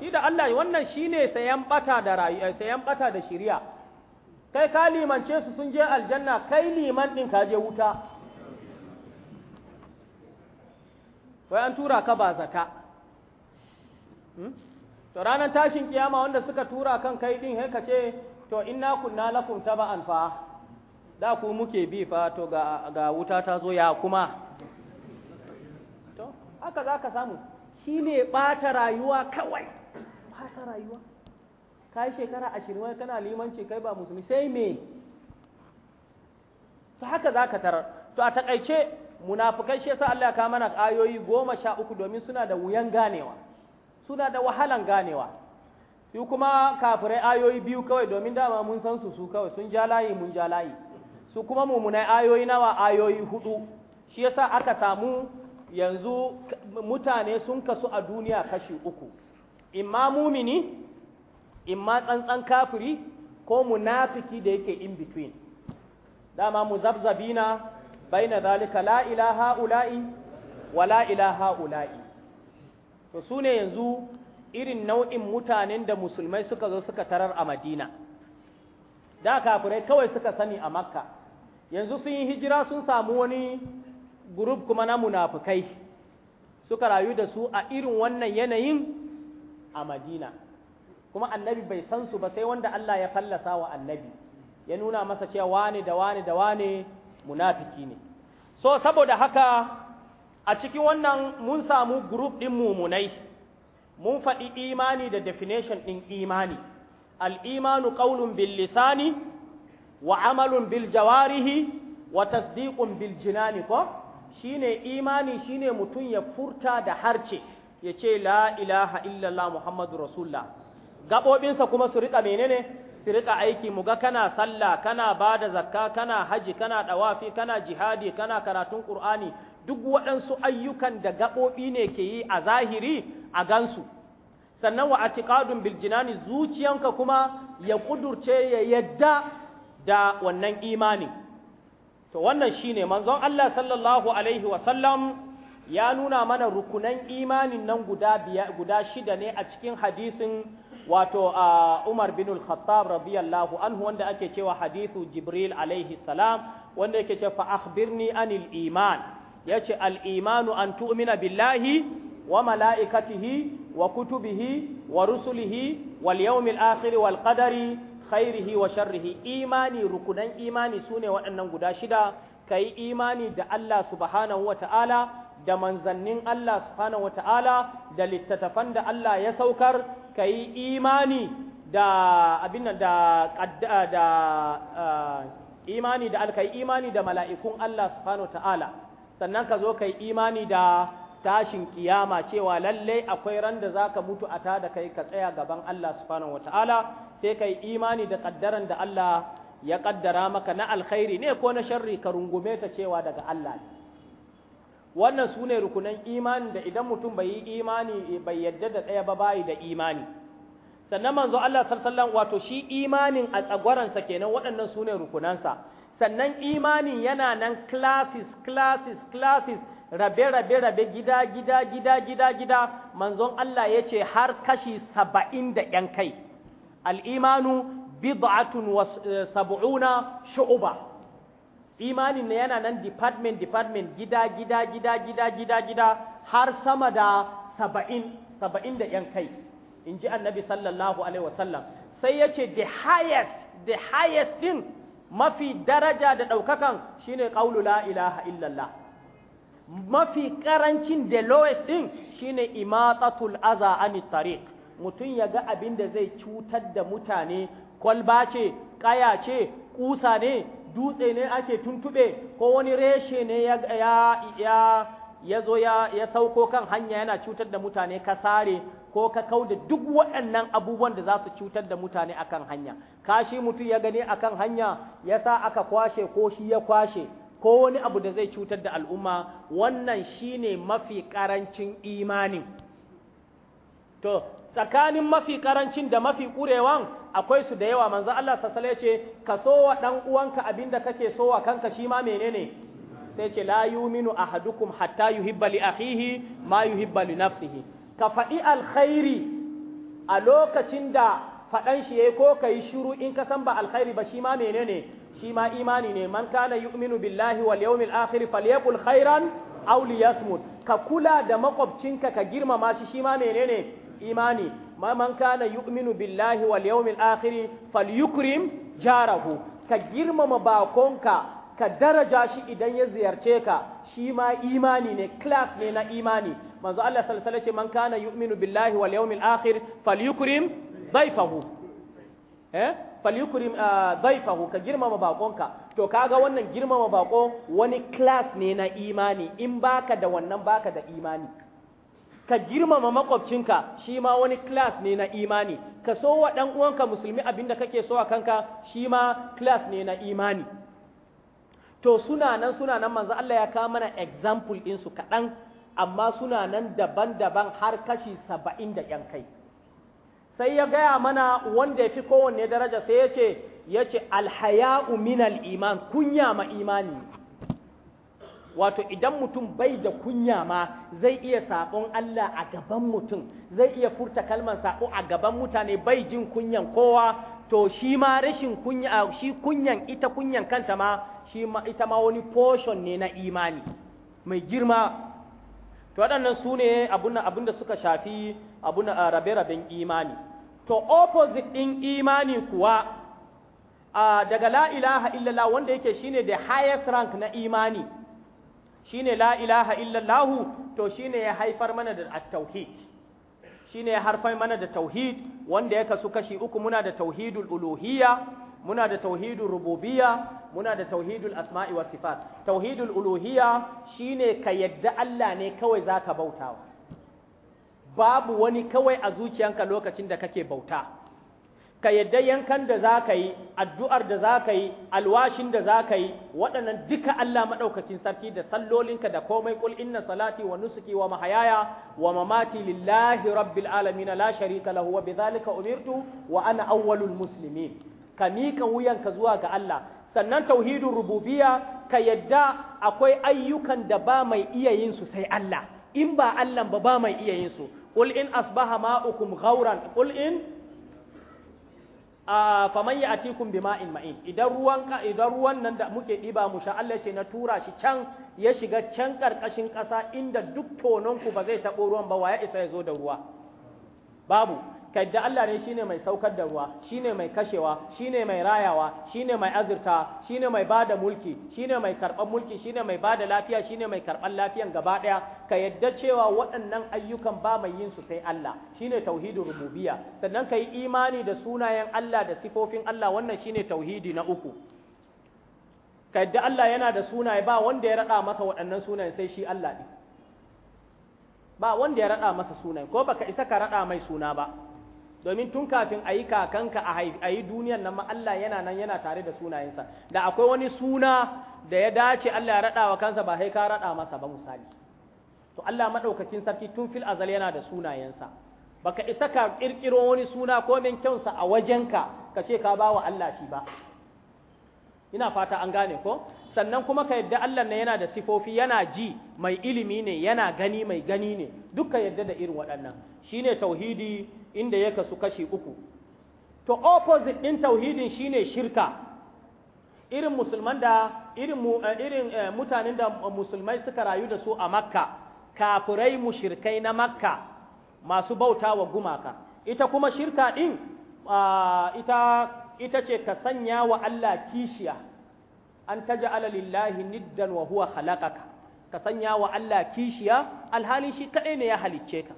shi da Allah wannan shine sayan eh, sayan bata da shiriya kai ka limance su sun je aljanna kai liman ɗin ka je wuta wai an tura ka ba zata hmm? to ranar tashin kiyama wanda suka tura kan kai ɗin sai ce to inna kunna lakum taba'an fa da ku muke bi fa to ga, ga wuta ta zo ya kuma to haka za ka samu shi ne ɓata rayuwa kawai ɓata rayuwa kai shekara ashirin wani kana limanci kai ba musulmi sai me to haka za ka tarar to a taƙaice munafukai shi yasa Allah ya kawo mana ayoyi goma sha uku domin suna da wuyan ganewa suna da wahalan ganewa su kuma kafirai ayoyi biyu kawai domin dama mun san su su kawai sun ja layi mun ja layi su kuma munai ayoyi nawa ayoyi hudu shi yasa aka samu yanzu mutane sun kasu a duniya kashi uku imma mumini in ma tsantsan kafiri ko munafiki da yake in between dama bai baina zalika la ilaha ula'i wa La'ila ilaha ula'i to sune yanzu irin nau'in mutanen da musulmai suka zo suka tarar a Madina da kafirai kawai suka sani a Makka yanzu sun yi hijira sun samu wani group kuma na munafukai. suka rayu da su a irin wannan yanayin a Madina kuma annabi bai san su ba sai wanda Allah ya fallasa wa annabi ya nuna masa cewa wane da wane da wane munafiki ne so saboda haka a cikin wannan mun samu group din mumunai mun faɗi imani da definition ɗin imani al-imanu bil lisani wa amalun bil jawarihi wa tasdiqun bil jinani ko shine imani shine mutum ya furta da harce ya ce la ilaha illallah muhammadu rasulullah gaɓoɓinsa kuma su riƙa menene su riƙa aiki mu ga kana sallah kana ba da zakka kana haji kana ɗawafi kana jihadi kana karatun ƙur'ani duk waɗansu ayyukan da gaɓoɓi ne ke yi a zahiri a gansu sannan wa atiqadun bil jinani zuciyanka kuma ya kudurce ya yadda da wannan imani to wannan shine manzon Allah sallallahu alaihi wa sallam ya nuna mana rukunan imanin nan guda guda shida ne a cikin hadisin wato a Umar bin al-Khattab radiyallahu anhu wanda ake cewa hadithu Jibril alaihi salam wanda yake cewa fa akhbirni anil iman yace al imanu an tu'mina billahi wa malaikatihi wa kutubihi wa rusulihi wal yawmil akhir wal qadari khairihi wa sharrihi imani rukunan imani sune waɗannan guda shida kai imani da Allah subhanahu wa ta'ala da manzannin Allah subhanahu wa ta'ala da littattafan da Allah ya saukar ka yi imani da abin da da ah, imani da alkai imani da mala'ikun Allah subhanahu ta'ala sannan ka zo ka yi imani da tashin kiyama cewa lallai akwai ran da zaka mutu a ta da kai ka tsaya gaban Allah subhanahu ta'ala sai ka yi imani da kaddaran da Allah ya ƙaddara maka na alkhairi ne ko na sharri ka rungume ta cewa daga Allah ne wannan su ne rukunan imani da idan mutum bai yi imani bai yadda da ɗaya ba bayi da imani sannan manzo Allah sallallahu wato shi imanin a tsagwaransa kenan waɗannan su ne rukunansa sannan imanin yana nan classes classes classes rabe rabe rabe gida gida gida gida gida manzon Allah ya ce har kashi saba'in da ‘yan kai imanu bid'atun wa eh, sab'una shu'uba imanin na yana nan department department gida gida gida gida gida gida har sama da saba'in saba'in da yan kai in ji annabi sallallahu alaihi wasallam sai yace ce the highest the highest din mafi daraja da ɗaukakan shine ƙaulu la ilaha illallah mafi ƙarancin the lowest din shine imatatul aza anit tariq mutum ya ga abin da zai cutar da mutane kwalba ce ƙaya ce ƙusa ne dutse ne ake tuntube ko wani reshe ne ya ya ya zo ya ya sauko kan hanya yana cutar da mutane ka sare ko ka kau da duk waɗannan abubuwan da za su cutar da mutane akan hanya kashi mutum ya gani akan hanya ya sa aka kwashe ko shi ya kwashe ko wani abu da zai cutar da al'umma wannan shine mafi ƙarancin imanin to tsakanin mafi karancin da mafi kurewan akwai su da yawa manzo Allah sassale ya ce ka sowa dan uwanka abinda kake sowa kanka shi ma menene sai ce la yuminu ahadukum hatta yuhibba li akhihi ma yuhibba li nafsihi ka faɗi alkhairi a lokacin da faɗan shi yayi ko kai shiru in ka san ba alkhairi ba shi ma menene shi ma imani ne man kana yu'minu billahi wal yawmil akhir falyaqul khairan aw liyasmut ka kula da makwabcinka ka girmama shi shi ma menene imani man kana yu'minu billahi wal yawmil akhir falyukrim jarahu ka girmama bakonka ka daraja shi idan ya ziyarce ka shi ma imani ne class ne na imani manzo Allah sallallahu alaihi wasallam man kana yu'minu billahi wal yawmil akhir falyukrim dhaifahu eh falyukrim ah, dhaifahu ka girmama bakonka to kaga wannan girmama bako wani class ne na imani in baka da wannan baka da imani ka girmama makwabcinka shi ma wani class ne na imani ka so wa ɗan uwanka musulmi abinda kake so a kanka shi ma class ne na imani to suna nan suna nan manzo Allah ya kawo mana example ɗin su kaɗan amma suna nan daban-daban har kashi saba'in da ƴan kai sai ya gaya mana wanda ya fi kowanne daraja sai yace, yace, ya ce alhaya'u minal iman kunya ma imani wato idan mutum bai da kunya ma zai iya saƙon Allah a gaban mutum zai iya furta kalmar saƙo a gaban mutane bai jin kunyan kowa to shi ma rashin kunya shi kunyan ita kunyan kanta ma shi ma ita ma wani portion ne na imani mai girma to waɗannan su ne abin suka shafi abin rabe-raben imani to opposite ɗin imani kuwa daga la ilaha illallah wanda yake shine the highest rank na imani shine la ilaha illallahu to shine ya haifar mana da tauhid. tauhid shine ya haifar mana da tauhid wanda ya kasu kashi uku muna da tauhidul uluhiyya muna da tauhidul rububiyya muna da tauhidul asma'i wa sifat tauhidul uluhiyya shine ka yadda Allah ne kawai zaka bautawa babu wani kawai a zuciyanka lokacin da kake bauta ka yadda yankan da za ka yi addu'ar da za ka yi alwashin da za ka yi waɗannan duka Allah maɗaukacin sarki da sallolinka da komai ƙul inna salati wa nusuki wa mahayaya wa mamati lillahi rabbil alamin la sharika lahu wa bidhalika umirtu wa ana awwalul muslimin ka mika wuyanka zuwa ga Allah sannan tauhidin rububiyya ka yadda akwai ayyukan da ba mai iya yin su sai Allah in ba Allah ba ba mai iya yin su qul in asbaha ma'ukum ghauran qul in a faman ya tikun bi ma'in ma'in idan ruwan idan ruwan nan da muke diba mu sha Allah ce na tura shi can ya shiga can karkashin ƙasa inda duk tonon ba zai taɓo ruwan ba waya isa ya zo da ruwa babu ka yadda Allah ne shine mai saukar da ruwa shine mai kashewa shine mai rayawa shine mai azurta shine mai bada mulki shine mai karban mulki shine mai bada lafiya shine mai karban lafiyan gaba daya ka yadda cewa waɗannan ayyukan ba mai yin su sai Allah shine tauhidin rububiyya sannan kai imani da sunayen Allah da sifofin Allah wannan shine tauhidi na uku ka yadda Allah yana da sunaye ba wanda ya rada maka waɗannan sunayen sai shi Allah ne ba wanda ya rada masa sunayen ko baka isa ka rada mai suna ba domin tun kafin a yi kakanka a yi duniyar nan ma Allah yana nan yana tare da sunayensa da akwai wani suna da ya dace Allah ya raɗa wa kansa ba sai ka raɗa masa ba misali to Allah maɗaukacin sarki tun fil azal yana da sunayensa baka isa ka ƙirƙiro wani suna ko min kyansa a wajenka ka ce ka ba wa Allah shi ba ina fata an gane ko sannan kuma ka yadda Allah ne yana da sifofi yana ji mai ilimi ne yana gani mai gani ne duka yadda da irin waɗannan shine tauhidi inda ya kasu kashi uku to opposite ɗin tauhidin shi ne shirka irin musulman da irin eh, eh, mutanen da musulmai suka rayu da su a makka kafirai mushirkai na makka masu bauta wa gumaka ita kuma shirka ɗin ah, ita ce ka sanya wa Allah kishiya an taja'ala lillahi niddan wa huwa halakaka ka sanya wa Allah kishiya Alhalin shi kaɗai ne ya halicce ka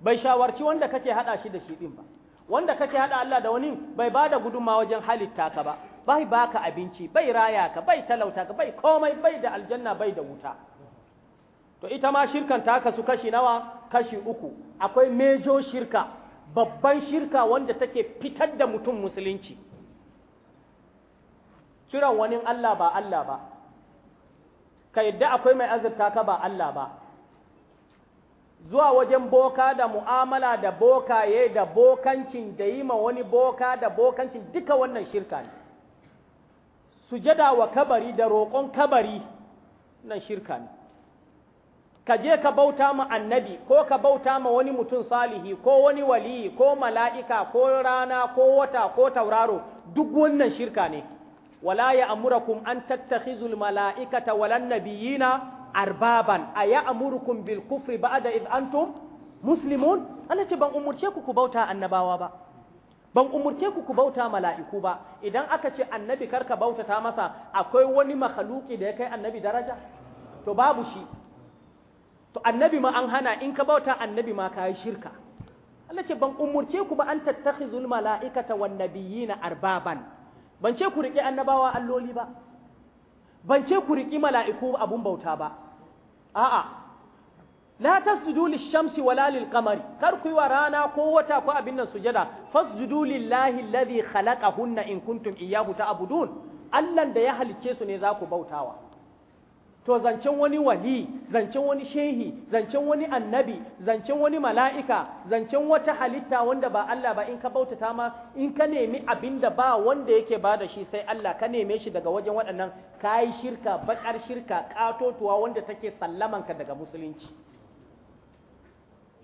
bai shawarci wanda kake hada shi da shi din ba wanda kake hada Allah da wani bai bada gudunma wajen halitta ka ba bai baka abinci bai raya ka bai talauta ka bai komai bai da aljanna bai da wuta to ita ma shirkan ta su kashi nawa kashi uku akwai mejo shirka babban shirka wanda take fitar da mutum musulunci kiran wani Allah ba Allah ba ka yadda akwai mai azurta ka ba Allah ba zuwa wajen boka da mu'amala da bokaye da bokancin da yi ma wani boka da bokancin duka wannan shirka ne sujada wa kabari da roƙon kabari nan shirka ne ka je ka bauta ma annabi ko ka bauta ma wani mutum salihi ko wani waliyi ko mala'ika ko rana ko wata ko tauraro duk wannan shirka ne wala ya amurakum an tattakhizul mala'ikata walan nabiyina arbaban a ya amurukum ba kufri a id antum musulmun. Allah ce ban umurce ku ku bauta annabawa ba ban umurce ku ku bauta mala'iku ba idan aka ce annabi karka bauta ta masa akwai wani makaluƙi da ya kai annabi daraja to babu shi to annabi ma an hana in ka bauta annabi ma ka yi shirka Allah ce ban umurce ku ba an tattakhizul mala'ikata wannabiyi na arbaban ban ce ku riƙe annabawa alloli ba ban ce ku riƙi mala'iku abun bauta ba a'a la tasjudu lishamsi wala lilqamari kar ku yi wa rana ko wata ko abin nan sujada fasjudu lillahi alladhi hunna in kuntum iyyahu ta'budun Allah da ya halice su ne za ku bautawa to zancen wani wali zancen wani shehi zancen wani annabi zancen wani mala'ika zancen wata halitta wanda ba Allah ba in ka bautata ma in ka nemi abin da ba wanda yake ba da shi sai Allah ka neme shi daga wajen waɗannan ka yi shirka baƙar shirka ƙatotuwa wanda take sallamanka daga musulunci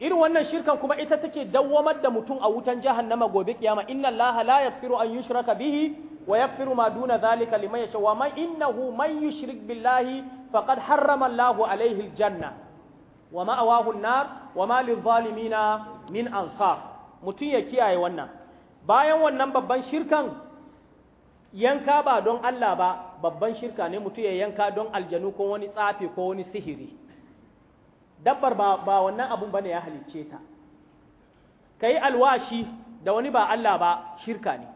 irin wannan shirkan kuma ita take dawwamar da mutum a wutan jahannama gobe kiyama inna allaha la yaghfiru an yushraka bihi wa yaghfiru ma duna zalika liman yasha wa man innahu man yushrik billahi faqad harrama Allahu alaihi aljanna wa ma'awahu an-nar wa ma lil-zalimina min ansar mutun ya kiyaye wannan bayan wannan babban shirkan yanka ba don Allah ba babban shirka ne mutum ya yanka don aljanu ko wani tsafi ko wani sihiri dabbar ba, ba wannan abun bane ya halicce ta ka yi alwashi da wani ba Allah ba shirka ne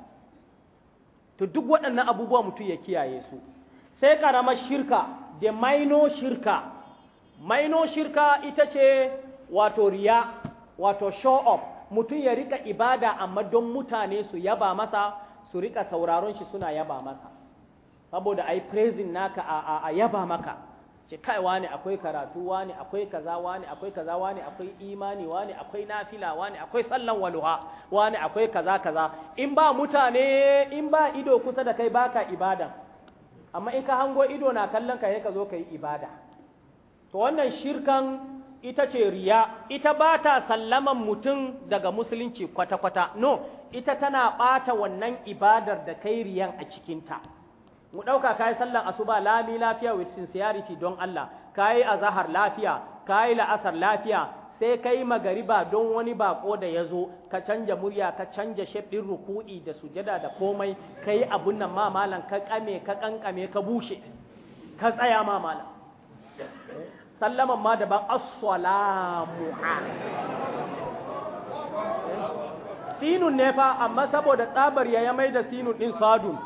to duk waɗannan abubuwa mutum ya kiyaye su sai ƙaramar shirka da maino shirka maino shirka ita ce wato riya wato show up mutum ya rika ibada amma don mutane su yaba masa su rika sauraron shi suna yaba masa saboda ai praising naka a, a yaba maka ce kai wani akwai karatu wani akwai kaza wani akwai kaza wani akwai imani wani akwai nafila wani akwai sallan waluha wani akwai kaza kaza in ba mutane in ba ido kusa da kai baka ibada amma in ka hango ido na kallon ka ka zo ka yi ibada to wannan shirkan ita ce riya ita ba ta sallaman mutum daga musulunci kwata-kwata no ita tana ɓata wannan ibadar da kai riyan a cikinta mu ɗauka ka yi sallan asuba lami lafiya with sincerity don Allah ka yi azahar lafiya ka yi la'asar lafiya sai kai magariba don wani bako da ya zo ka canja murya ka canja shaɗin ruku'i da sujada da komai ka yi abun nan ma ka kame ka kankame ka bushe ka tsaya ma malam sallaman ma daban assalamu sinun ne fa amma saboda tsabar ya ya mai da sinun ɗin sadun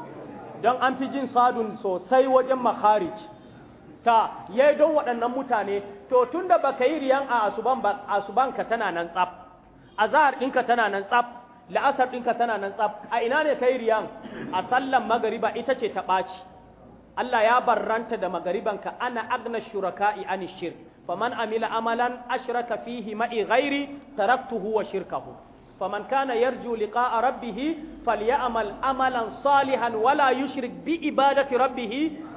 don an fi jin sadun sosai wajen makarij ta yayi don waɗannan mutane to tunda baka yi riyan a asuban ba asuban ka tana nan tsaf azhar ɗinka tana nan tsaf la'asar ɗinka tana nan tsaf a ina ne yi riyan a sallan magariba ita ce ta ɓaci Allah ya barranta da magaribanka ana agna shuraka'i an shirk faman amila amalan ashraka fihi ma'i ghairi taraktuhu wa shirkahu faman kana yarju liqa'a rabbih falyamal amalan salihan wala yushrik bi ibadati rabbih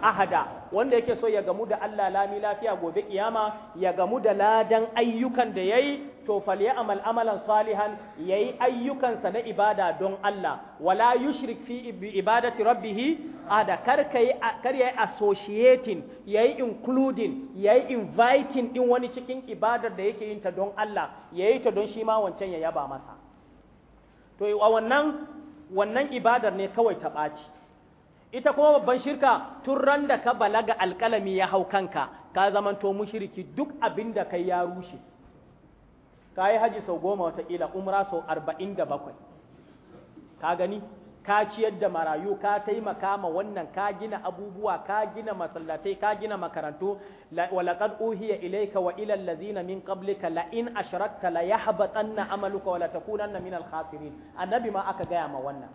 ahada wanda yake so ya gamu da Allah lami lafiya gobe kiyama ya gamu da ladan ayyukan da yayi to falyamal amalan salihan yayi ayyukan sa na ibada don Allah wala yushrik fi ibadati rabbih ahada kar kai kar yayi associating yayi including yayi inviting din wani cikin ibadar da yake yin ta don Allah yayi ta don shi ma wancan ya yaba masa to a wannan wannan ibadar ne kawai ta ɓaci ita kuma babban shirka tun ran da ka balaga alƙalami ya hau kanka ka zamanto mushriki duk abin da kai ya rushe ka yi haji sau goma wataƙila umra sau arba'in da bakwai ka gani ka ciyar da marayu ka taimaka ma wannan ka gina abubuwa ka gina masallatai ka gina makarantu wa laqad uhiya ilayka wa ila allazina min qablika la in ashrakta la yahbatanna amaluka wa la takunanna khasirin annabi ma aka gaya ma wannan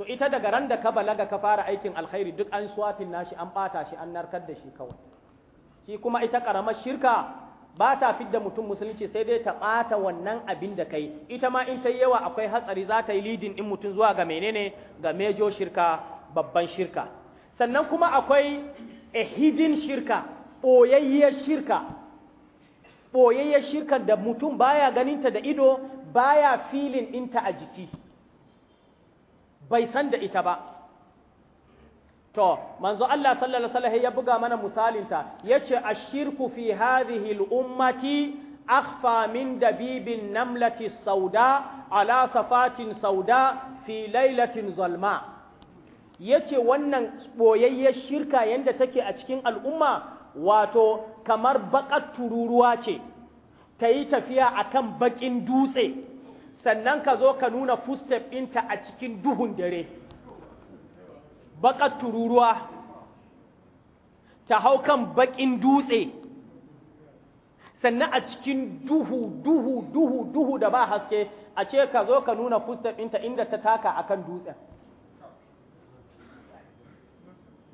to ita daga ran da ka balaga ka fara aikin alkhairi duk an swafin nashi an bata shi an narkar da shi kawai shi kuma ita karamar shirka ba ta fidda mutum musulunci sai dai ta ɓata wannan abin da kai ita ma in ta yi yawa akwai hatsari za ta yi lidin in mutum zuwa ga menene ga mejo shirka babban shirka sannan kuma akwai a hidin shirka ɓoyayyar shirka ɓoyayyar shirka da mutum baya ganinta da ido baya filin ɗinta a jiki bai san da ita ba to manzo Allah sallallahu alaihi ya buga mana misalinta yace ashirku fi hadhihi al-ummati akhfa min dabibin namlati sauda ala safatin sauda fi lailatin zalma yace wannan ɓoyayyar shirka yanda take a cikin al'umma wato kamar baƙar tururuwa ce ta yi tafiya akan baƙin dutse sannan ka zo ka nuna footstep ɗinta a cikin duhun dare baƙar tururuwa ta hau kan baƙin dutse sannan a cikin duhu duhu duhu duhu da ba haske a ce ka zo ka nuna ɗinta inda ta taka a kan dutsen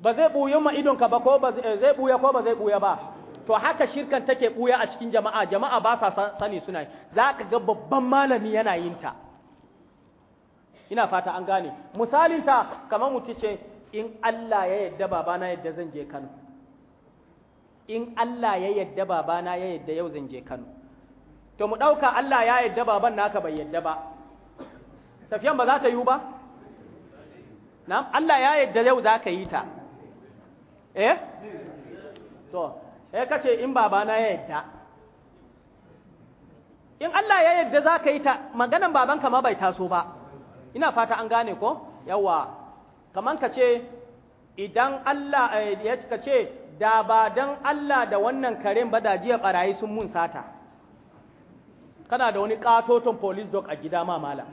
ba zai ɓuyi ma idonka ba ko eh, zai ɓuya ko ba zai ɓuya ba to haka shirkan take ɓuya a cikin jama'a jama'a ba sa sani suna yi za ka ga babban malami yana yinta. ina fata an gane misalinta kamar mutu ce in Allah ya yadda babana yadda zan je Kano in Allah ya yadda babana ya yadda yau zan je Kano to mu ɗauka Allah ya yadda baban naka bai yadda ba tafiyan ba za ta yi ba na'am Allah ya yadda yau za ka yi ta eh to eh ka ce in babana ya yadda in Allah ya yadda za ka yi ta maganan babanka ma bai taso ba ina fata an gane ko yawa kaman ka ce idan Allah eh, ya ka ce da ba dan Allah da wannan karen ba da jiya barayi sun mun sata kana da wani katoton police dog a gida ma malam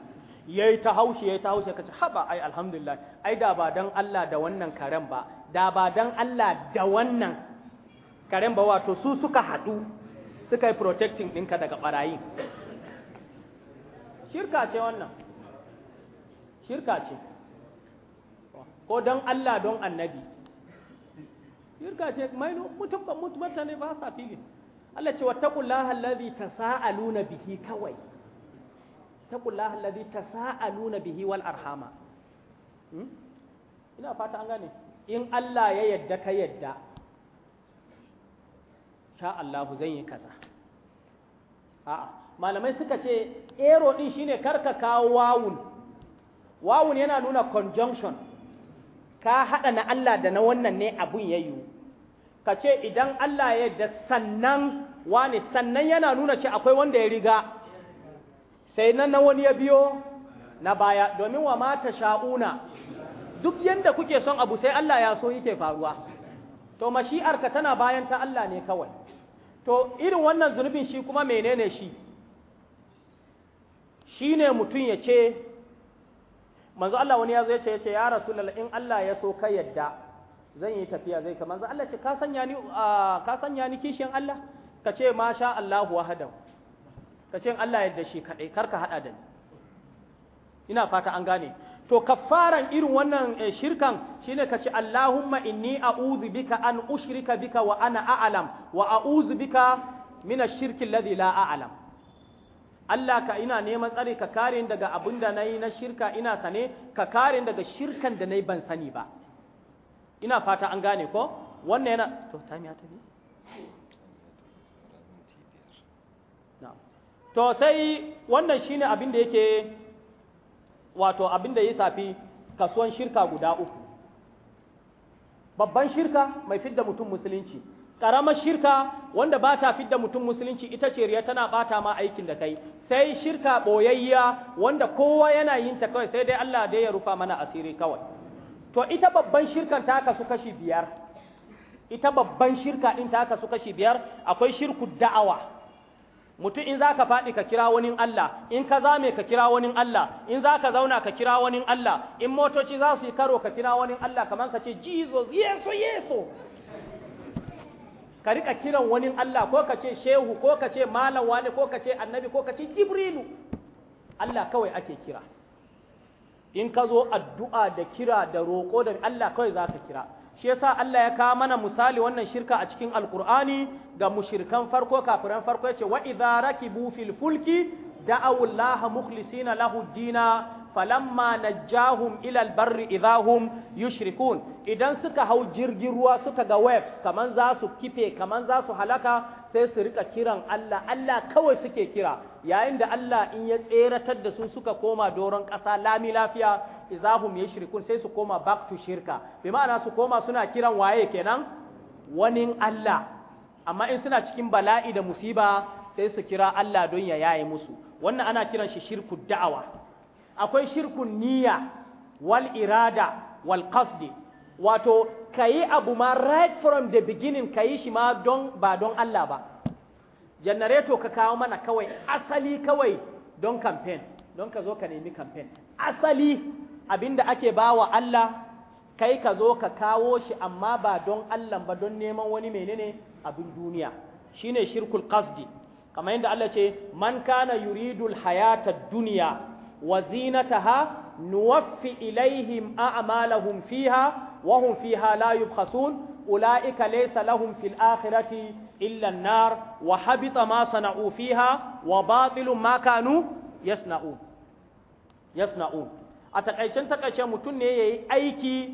yayi ta haushi yayi ta haushi kace haba ai alhamdulillah ai da ba dan Allah da wannan karen ba da ba dan Allah da wannan karen ba wato su suka hadu suka yi protecting ɗinka daga barayi shirka ce wannan shirka ce ko don Allah don annabi shirka ce mai mutum ba mutane ba sa fili Allah ce wattaqullaha allazi tasaaluna bihi kawai taqullaha allazi tasaaluna bihi wal arhama hmm? ina fata an gane in Allah ya yadda ka yadda sha Allahu zan yi kaza a'a malamai suka ce ero din shine karka kawo wawun wawun yana nuna conjunction ka haɗa na Allah da na wannan ne abun ya yi ka ce idan Allah ya da sannan wani sannan yana nuna shi akwai wanda ya riga sai nan na wani ya biyo na baya domin wa mata sha'una duk yadda kuke son abu sai Allah ya so yake faruwa to mashi'arka tana bayan ta Allah ne kawai to irin wannan zunubin shi kuma menene shi shine mutum ya ce manzo Allah wani ya zo ya ce ya ce ya rasulullah in Allah ya so ka yadda zan yi tafiya zai ka manzo Allah ce ka sanya ni ka sanya ni kishin Allah ka ce ma sha Allahu wahdahu ka ce Allah yadda shi kadai kar ka hada da ni ina fata an gane to kafaran irin wannan eh, shirkan shine ka ce Allahumma inni a'udhu bika an ushrika bika wa ana a'lam wa a'udhu bika min ash-shirki alladhi la a'lam Allah ka ina neman tsare ka kare daga abin da na yi na shirka ina sane ka kare daga shirkan da na yi ban sani ba ina fata an gane ko wannan yana to time ya tafi to sai wannan shine abin da yake wato abin da ya safi kasuwan shirka guda uku babban shirka mai fidda mutum musulunci karamar shirka wanda ba ta fidda mutum musulunci ita ce riya tana bata ma aikin da kai sai shirka boyayya wanda kowa yana yin ta kawai sai dai Allah dai ya rufa mana asiri kawai to ita babban shirkan ta kasu kashi biyar ita babban shirka din ta kasu kashi biyar akwai shirku da'awa mutum in za ka faɗi ka kira wani Allah in ka zame ka kira wani Allah in za ka zauna ka kira wani Allah in motoci za su yi karo ka kira wani Allah kamar ka ce Jesus yeso yeso ka rika kiran wani Allah ko ka ce shehu ko ka ce malam wani ko ka ce annabi ko ka ce jibrilu Allah kawai ake kira in ka zo addu'a da kira da roƙo da Allah kawai za ka kira shi yasa Allah ya kawo mana misali wannan shirka a cikin alkur'ani ga mushirkan farko kafiran farko yace wa idza rakibu fil fulki da'awu Allah mukhlisina lahu dina falamma najjahum ila albarri idahum yushrikun idan suka hau jirgin ruwa suka ga waves kaman za su kife kaman za su halaka sai su rika kiran Allah Allah kawai suke kira yayin da Allah in ya tseratar da su suka koma doron ƙasa lami lafiya ya yushrikun sai su koma back to shirka bi ma'ana su koma suna kiran waye kenan wani Allah amma in suna cikin bala'i da musiba sai su kira Allah don ya yaye musu wannan ana kiran shi shirku da'awa akwai shirkun niyya wal irada wal qasdi wato kayi abu ma right from the beginning kayi shi ma don ba don Allah ba generator ka kawo mana kawai asali kawai don campaign don ka zo ka nemi campaign asali abinda ake bawa Allah kai ka zo ka kawo shi amma ba don Allah ba don neman wani menene abin duniya shine shirkul qasdi kamar yadda Allah ce man kana yuridul hayata dunya wa zinataha nuwaffi ilaihim a'malahum fiha wa hum la yubkhasun ulaika laysa lahum fil akhirati illa an-nar wa habita ma sana'u fiha wa batilun ma kanu yasna'un yasna'un a takaicen takaice mutum ne yayi aiki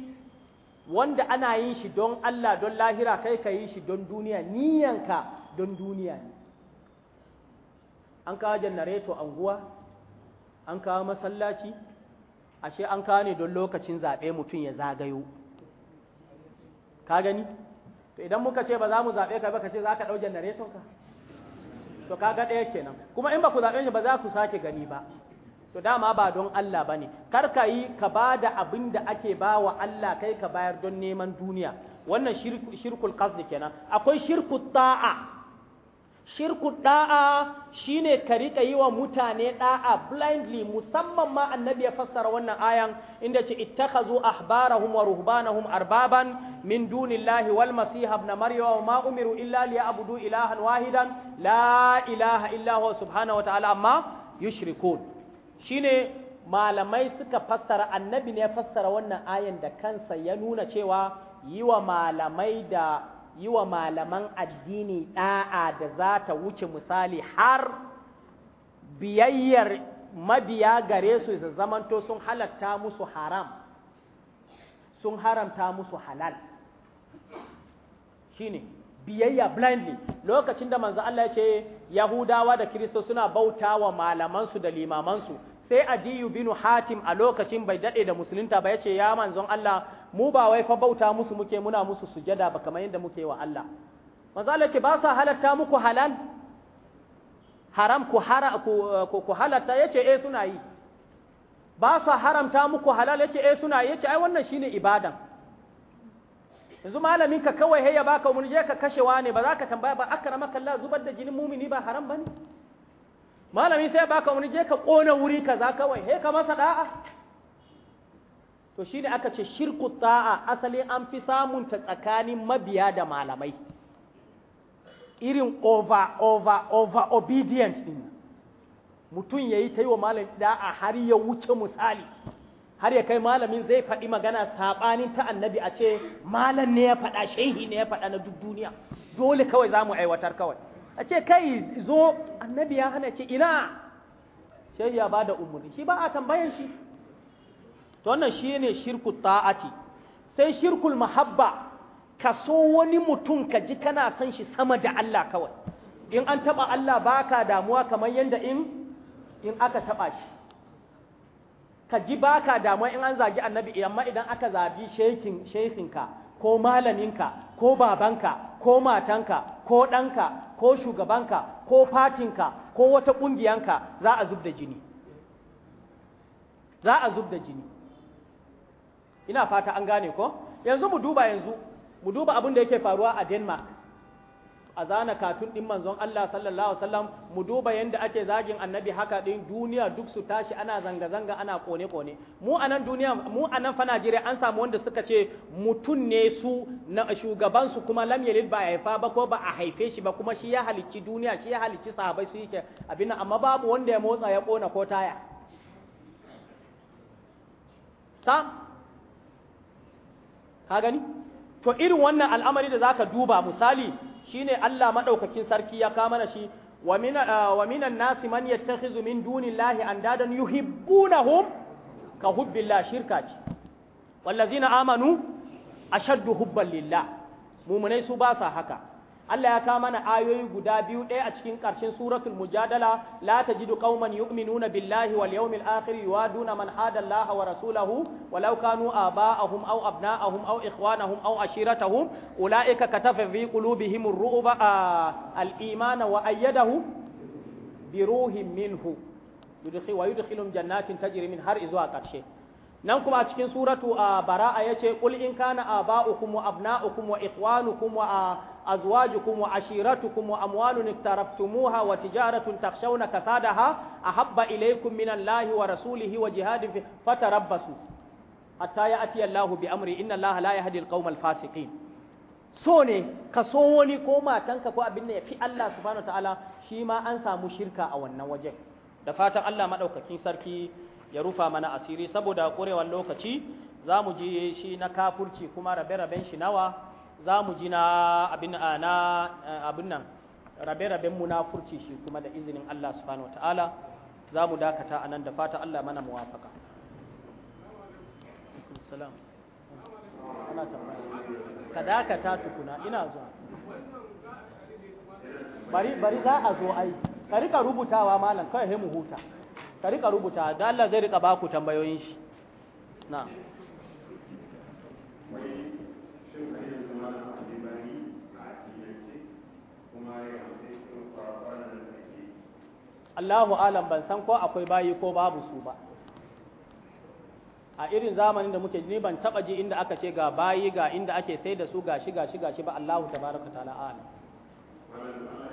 wanda ana yin shi don Allah don lahira kai ka yi shi don duniya niyanka don duniya an kawo janareto anguwa an kawo masallaci ashe an kawo ne don lokacin zaɓe mutum ya zagayo ka gani to idan muka ce ba za mu zaɓe ka ba ka ce za ka ɗau janareton ka to ka ga ɗaya kenan kuma in ba ku zaɓe shi ba za ku sake gani ba to dama ba don Allah bane kar ka yi ka ba da abin da ake ba wa Allah kai ka bayar don neman duniya wannan shirkul qasd kenan akwai shirkul ta'a shirku da'a shine ka rika yi wa mutane da'a blindly musamman ma annabi ya fassara wannan ayan inda ce ittakhazu ahbarahum wa ruhbanahum arbaban min dunillahi wal masih ibn maryam wa ma umiru illa liya'budu ilahan wahidan la ilaha illa huwa subhanahu wa ta'ala amma yushrikun shine malamai suka fassara annabi ne ya fassara wannan ayan da kansa ya nuna cewa yi wa malamai da yi wa malaman addini ɗa'a da za ta wuce misali har biyayyar mabiya gare su da zamanto sun halatta musu haram sun haramta musu halal shine biyayya blindly lokacin da manzo Allah ya ce Yahudawa da Kiristo suna bauta wa malamansu da limamansu sai adiyu binu hatim a lokacin bai daɗe da musulunta ba ya ce ya manzon Allah mu ba wai fa bauta musu muke muna musu sujada ba kamar yadda muke wa Allah manzo Allah ce ba sa halatta muku halal haram ku hara ku ku halatta yace eh suna yi ba sa haramta muku halal yace eh suna yi yace ai wannan shine ibada yanzu malamin ka kawai hayya baka umurje ka kashewa ne ba za ka tambaya ba akramaka Allah zubar da jinin mumini ba haram bane malami sai baka wani je ka kona wuri kaza kawai he ka masa da'a to shine aka ce shirku ta'a asali an fi samun ta tsakanin mabiya da malamai irin over over over obedient din mutum yayi ta yi wa malami da'a har ya wuce misali har ya kai malamin zai faɗi magana saɓanin ta annabi a ce malam ne ya faɗa shehi ne ya faɗa na duk duniya dole kawai za mu aiwatar kawai a ce kai zo annabi ya hana ce ina shi ya ba da umuri shi ba a tambayan shi to wannan shi ne shirku ta'ati sai shirkul mahabba ka so wani mutum ka ji kana son shi sama da Allah kawai in an taba Allah baka damuwa kamar yanda in in aka taba shi ka ji baka damuwa in an zagi annabi amma idan aka zabi shekin shekinka ko malaminka ko babanka ko matanka ko danka. ko shugabanka ko fatinka ko wata ƙungiyanka za a zub da jini za a zub da jini ina fata an gane ko yanzu mu duba yanzu mu duba abin da yake faruwa a denmark a zana katun din manzon Allah sallallahu alaihi wasallam mu duba yanda ake zagin annabi haka din duniya duk su tashi ana zanga zanga ana kone kone mu anan duniya mu anan fa Najeriya an samu wanda suka ce mutun ne su na shugaban su kuma lam yalid ba haifa ba ko ba a haife shi ba kuma shi ya halicci duniya shi ya halicci sahabbai su yake abin amma babu wanda ya motsa ya kona ko taya sam ka gani to irin wannan al'amari da zaka duba misali shine Allah madaukakin sarki ya kamana shi ah, wa minan nasi man yattakhizu min dunillahi andadan yuhibbunahum ka hubbillah shirka ce wallazina amanu ashaddu hubban lillah muminai su ba sa haka Allah ya kawo mana ayoyi guda biyu ɗaya a cikin ƙarshen suratul mujadala la tajidu qauman yu'minuna billahi wal yawmil akhir yuwaduna man hada Allah wa rasulahu walau kanu aba'ahum aw abna'ahum aw ikhwanahum aw ashiratahum ulaika katafa fi qulubihim ar-ru'ba al iman wa ayyadahu bi ruhin minhu yudkhilu wa yudkhiluhum jannatin tajri min har izuwa ƙarshe nan kuma a cikin suratu a bara'a yace qul in kana aba'ukum wa abna'ukum wa ikhwanukum wa azwajukum wa ashiratukum wa amwalun iktaraftumuha wa tijaratun takhshawna kasadaha ahabba ilaykum minallahi wa rasulihi wa jihadin fi fatarabbasu hatta ya'ti Allahu bi amri inna Allaha la yahdi al-qawmal fasiqin so ne ka so wani ko matanka ko abin da ya fi Allah subhanahu wa ta'ala shi ma an samu shirka a wannan wajen da fatan Allah madaukakin sarki ya rufa mana asiri saboda ƙurewar lokaci za mu ji shi na kafurci kuma rabe-raben shi nawa za mu ji na abin nan rabe-raben furci shi kuma da izinin Allah subhanahu wata'ala za mu dakata a nan da fata Allah mana muwafaka. Ka dakata tukuna ina zuwa. Bari za a zo ai, ka rika rubutawa malam kawai mu huta. ka rika rubuta da Allah zai rika baku tambayoyin shi na Allahu alam ban san ko akwai bayi ko babu su ba a irin zamanin da muke ni ban taba ji inda aka ce ga bayi ga inda ake sai da su gashi ga shi ba Allahu tabaraka ta'ala alam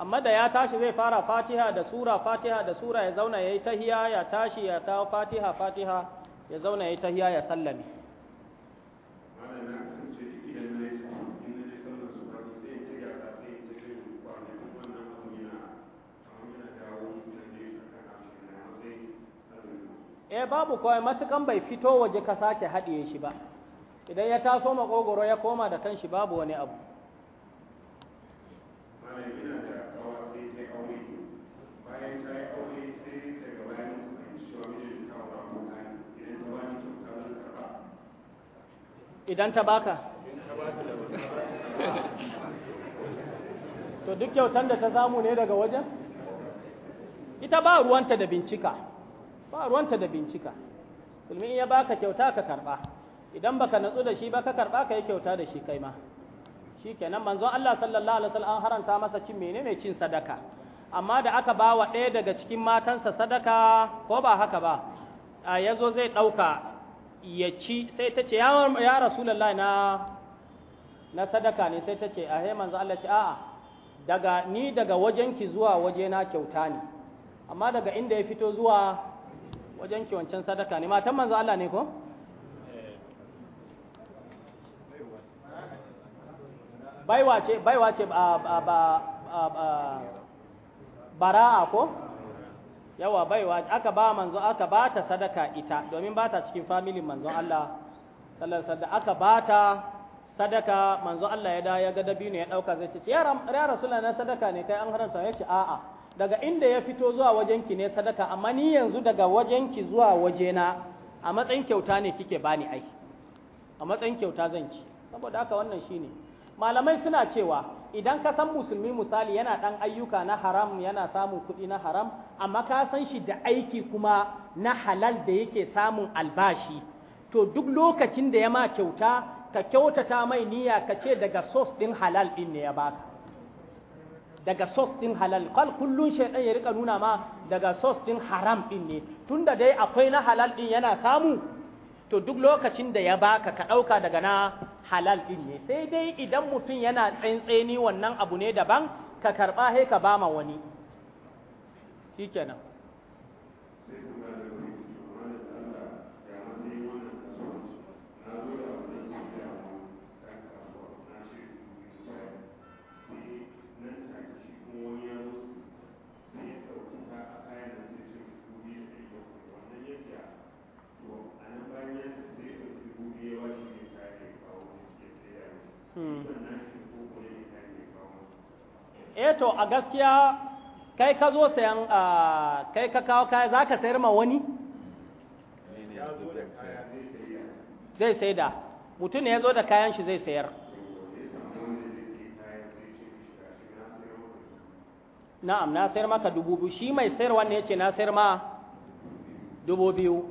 amma da ya tashi zai fara fatiha da sura fatiha da sura ya zauna ya yi tahiya ya tashi ya ta fatiha fatiha ya zauna ya yi tahiya ya sallame E, babu kawai matukan bai fito waje ka sake haɗiye shi ba idan ya taso makogoro ya koma da kanshi babu wani abu idan ta baka to duk kyautar da ta samu ne daga wajen ita ba ruwanta da bincika ba ruwanta da bincika musulmi ya baka kyauta ka karba idan baka natsu da shi ba ka karba ka yi kyauta da shi kai ma Shi shikenan manzon Allah sallallahu alaihi wasallam haranta masa cin menene cin sadaka amma da aka ba wa ɗaya daga cikin matansa sadaka ko ba haka ba a yazo zai ɗauka ya ci sai ta ce ya rasulallah na na sadaka ne sai ta ce a haiman manzo Allah ce a'a daga ni daga wajenki zuwa waje na kyauta ne amma daga inda ya fito zuwa wajenki wancan sadaka ne matan manzo Allah ne ko baiwa ce baiwa ce ba bara'a ko yawa baiwa aka ba manzo aka ba ta sadaka ita domin ba ta cikin familin manzo Allah sallallahu alaihi aka ba ta sadaka manzo Allah ya da ya ga dabino ya dauka zai ce ya rasulullahi na sadaka ne kai an haramta ya ce a'a daga inda ya fito zuwa ki ne sadaka amma ni yanzu daga ki zuwa wajena a matsayin kyauta ne kike bani aiki. a matsayin kyauta zan ci saboda haka wannan shine malamai suna cewa idan ka san musulmi misali yana ɗan ayyuka na haram yana samun kuɗi na haram amma ka san shi da aiki kuma na halal da yake samun albashi to duk lokacin da ya ma kyauta ka kyautata mai niyya ka ce daga sos ɗin halal ɗin ne ya baka daga sos ɗin halal kal kullun shaidan ya rika nuna ma daga sos ɗin haram ɗin ne tunda dai akwai na halal ɗin yana samu to duk lokacin da ya baka ka ɗauka daga na halal ɗin ne sai dai idan mutum yana tsantseni wannan abu ne daban ka karɓa sai ka ma wani shikenan eh to a gaskiya kai ka zo sayan kai ka kawo kaya za ka sayar ma wani zai sai da mutum ne ya zo da kayan shi zai sayar na'am na sayar maka dubu biyu shi mai sayarwa ne ce na sayar ma dubu biyu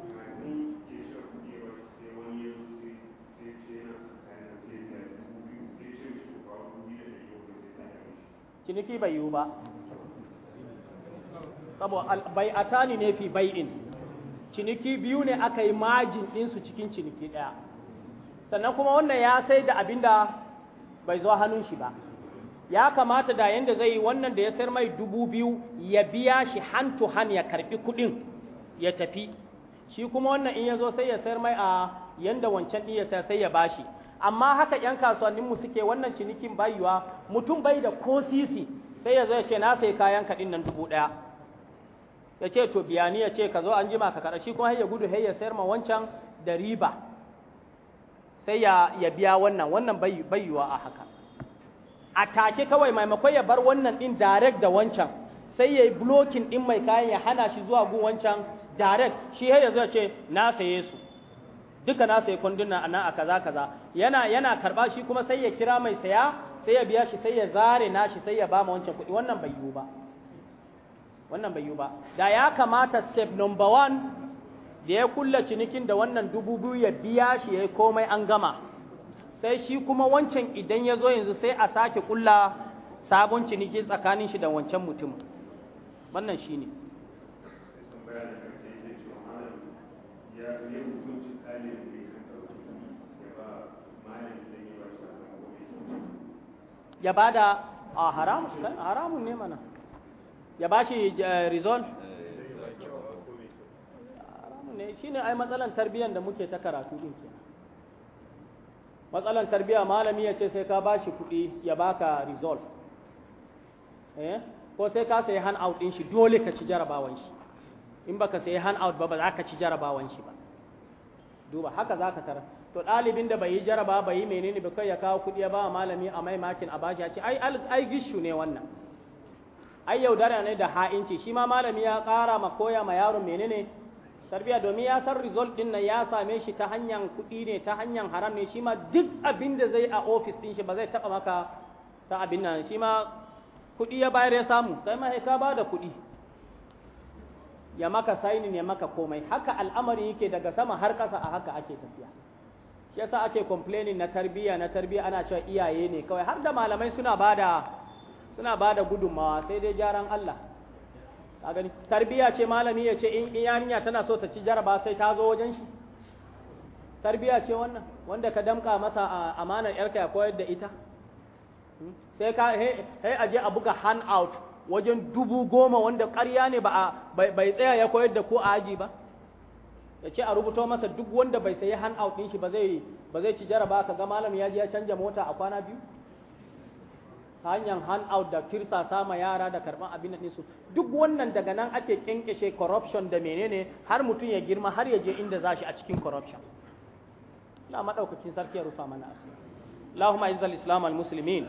ciniki bai yiwu ba saboda atani ne fi bai'in ciniki biyu ne aka yi majin ɗinsu cikin ciniki ɗaya sannan kuma wannan ya sai da abin da bai zo hannun shi ba ya kamata da yanda zai yi wannan da ya sayar mai dubu biyu ya biya shi hantu to ya karɓi kuɗin ya tafi shi kuma wannan in ya zo sai ya sayar mai a yanda wancan ɗin ya sayar sai ya bashi amma haka ‘yan mu suke wannan cinikin bayuwa mutum bai da ko sisi sai ya zo ya ce na sai kayan ka nan dubu ɗaya ya ce to biyani ya ce ka zo an jima ka kaɗa shi kuma ya gudu har ya sayar ma wancan da riba sai ya, ya biya wannan wannan bayuwa a haka a take kawai maimakon ya bar wannan ɗin direct da wancan sai ya yi blocking ɗin mai kayan ya hana shi zuwa gun wancan direct shi har ya zo ya ce na saye su duka na sai kwanduna a a kaza kaza yana yana karba shi kuma sai ya kira mai saya sai ya biya shi sai ya zare nashi sai ya ba wancan kuɗi wannan bai yiwu ba wannan bai yiwu ba da ya kamata step number one da ya kulla cinikin da wannan dubu biyu ya biya shi ya yi komai an gama sai shi kuma wancan idan ya zo yanzu sai a sake kulla sabon ciniki tsakanin shi da wancan mutum wannan shi ne. ya bada a haramun haramun ne mana ya bashi eh, rizon haramun ne shine ai matsalan tarbiyyar da muke ta karatu din kenan matsalan tarbiyya malami ya ce sai ka bashi kuɗi ya baka ka eh ko sai ka sayi hand out din shi dole ka ci jarabawan shi in baka sayi hand out ba ba za ka ci jarabawan shi ba duba haka za ka tarar to ɗalibin da bai yi jaraba bai yi menene ba kai ya kawo kuɗi ya ba malami a mai makin a ya ce ai ai gishu ne wannan ai yaudara ne da ha'inci shi ma malami ya ƙara ma koya ma yaron menene tarbiya domin ya san result din nan ya same shi ta hanyar kuɗi ne ta hanyar haram ne shi ma duk abin da zai a ofis din shi ba zai taɓa maka ta abin nan shi ma kuɗi ya bayar ya samu sai ma sai ka ba da kuɗi ya maka sainin ya maka komai haka al'amari yake daga sama har ƙasa a haka ake tafiya shi yasa ake complaining na tarbiyya na tarbiyya ana cewa iyaye ne kawai har da malamai suna bada suna bada gudunmawa sai dai jaran Allah ka gani tarbiyya ce malami ya ce in yarinya tana so ta ci jaraba sai ta zo wajen shi tarbiyya ce wannan wanda ka damka masa amanar yarka ya koyar da ita hmm? sai ka hey aje a buga hand out wajen dubu goma wanda ƙarya ne ba bai tsaya ya koyar da ko aji ba ya ce a rubuto masa duk wanda bai sayi hand out ɗin shi ba zai ci jaraba ka ga malam ya je ya canja mota a kwana biyu ta hanyar hand out da kirsa sama yara da karban abin nan su duk wannan daga nan ake kyankyashe corruption da menene har mutum ya girma har ya je inda za shi a cikin corruption Allah maɗaukacin sarki ya rufa mana asiri اللهم اعز الاسلام والمسلمين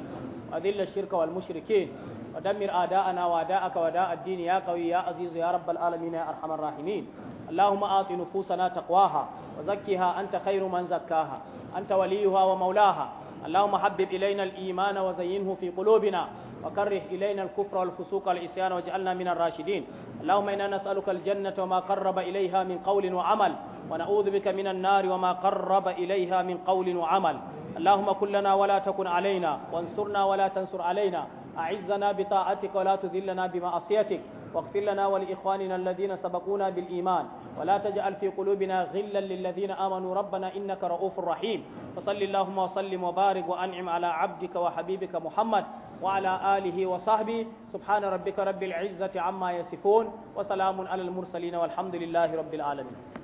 واذل الشرك والمشركين ودمر اعداءنا واعداءك واعداء الدين يا قوي يا عزيز يا رب العالمين يا ارحم الراحمين اللهم آت نفوسنا تقواها وزكها أنت خير من زكاها أنت وليها ومولاها اللهم حبب إلينا الإيمان وزينه في قلوبنا وكره إلينا الكفر والفسوق والعصيان واجعلنا من الراشدين اللهم إنا نسألك الجنة وما قرب إليها من قول وعمل ونعوذ بك من النار وما قرب إليها من قول وعمل اللهم كن لنا ولا تكن علينا وانصرنا ولا تنصر علينا أعزنا بطاعتك ولا تذلنا بمعصيتك واغفر لنا ولإخواننا الذين سبقونا بالإيمان ولا تجعل في قلوبنا غلا للذين آمنوا ربنا إنك رؤوف رحيم فصل اللهم وسلم وبارك وأنعم على عبدك وحبيبك محمد وعلى آله وصحبه سبحان ربك رب العزة عما يصفون وسلام على المرسلين والحمد لله رب العالمين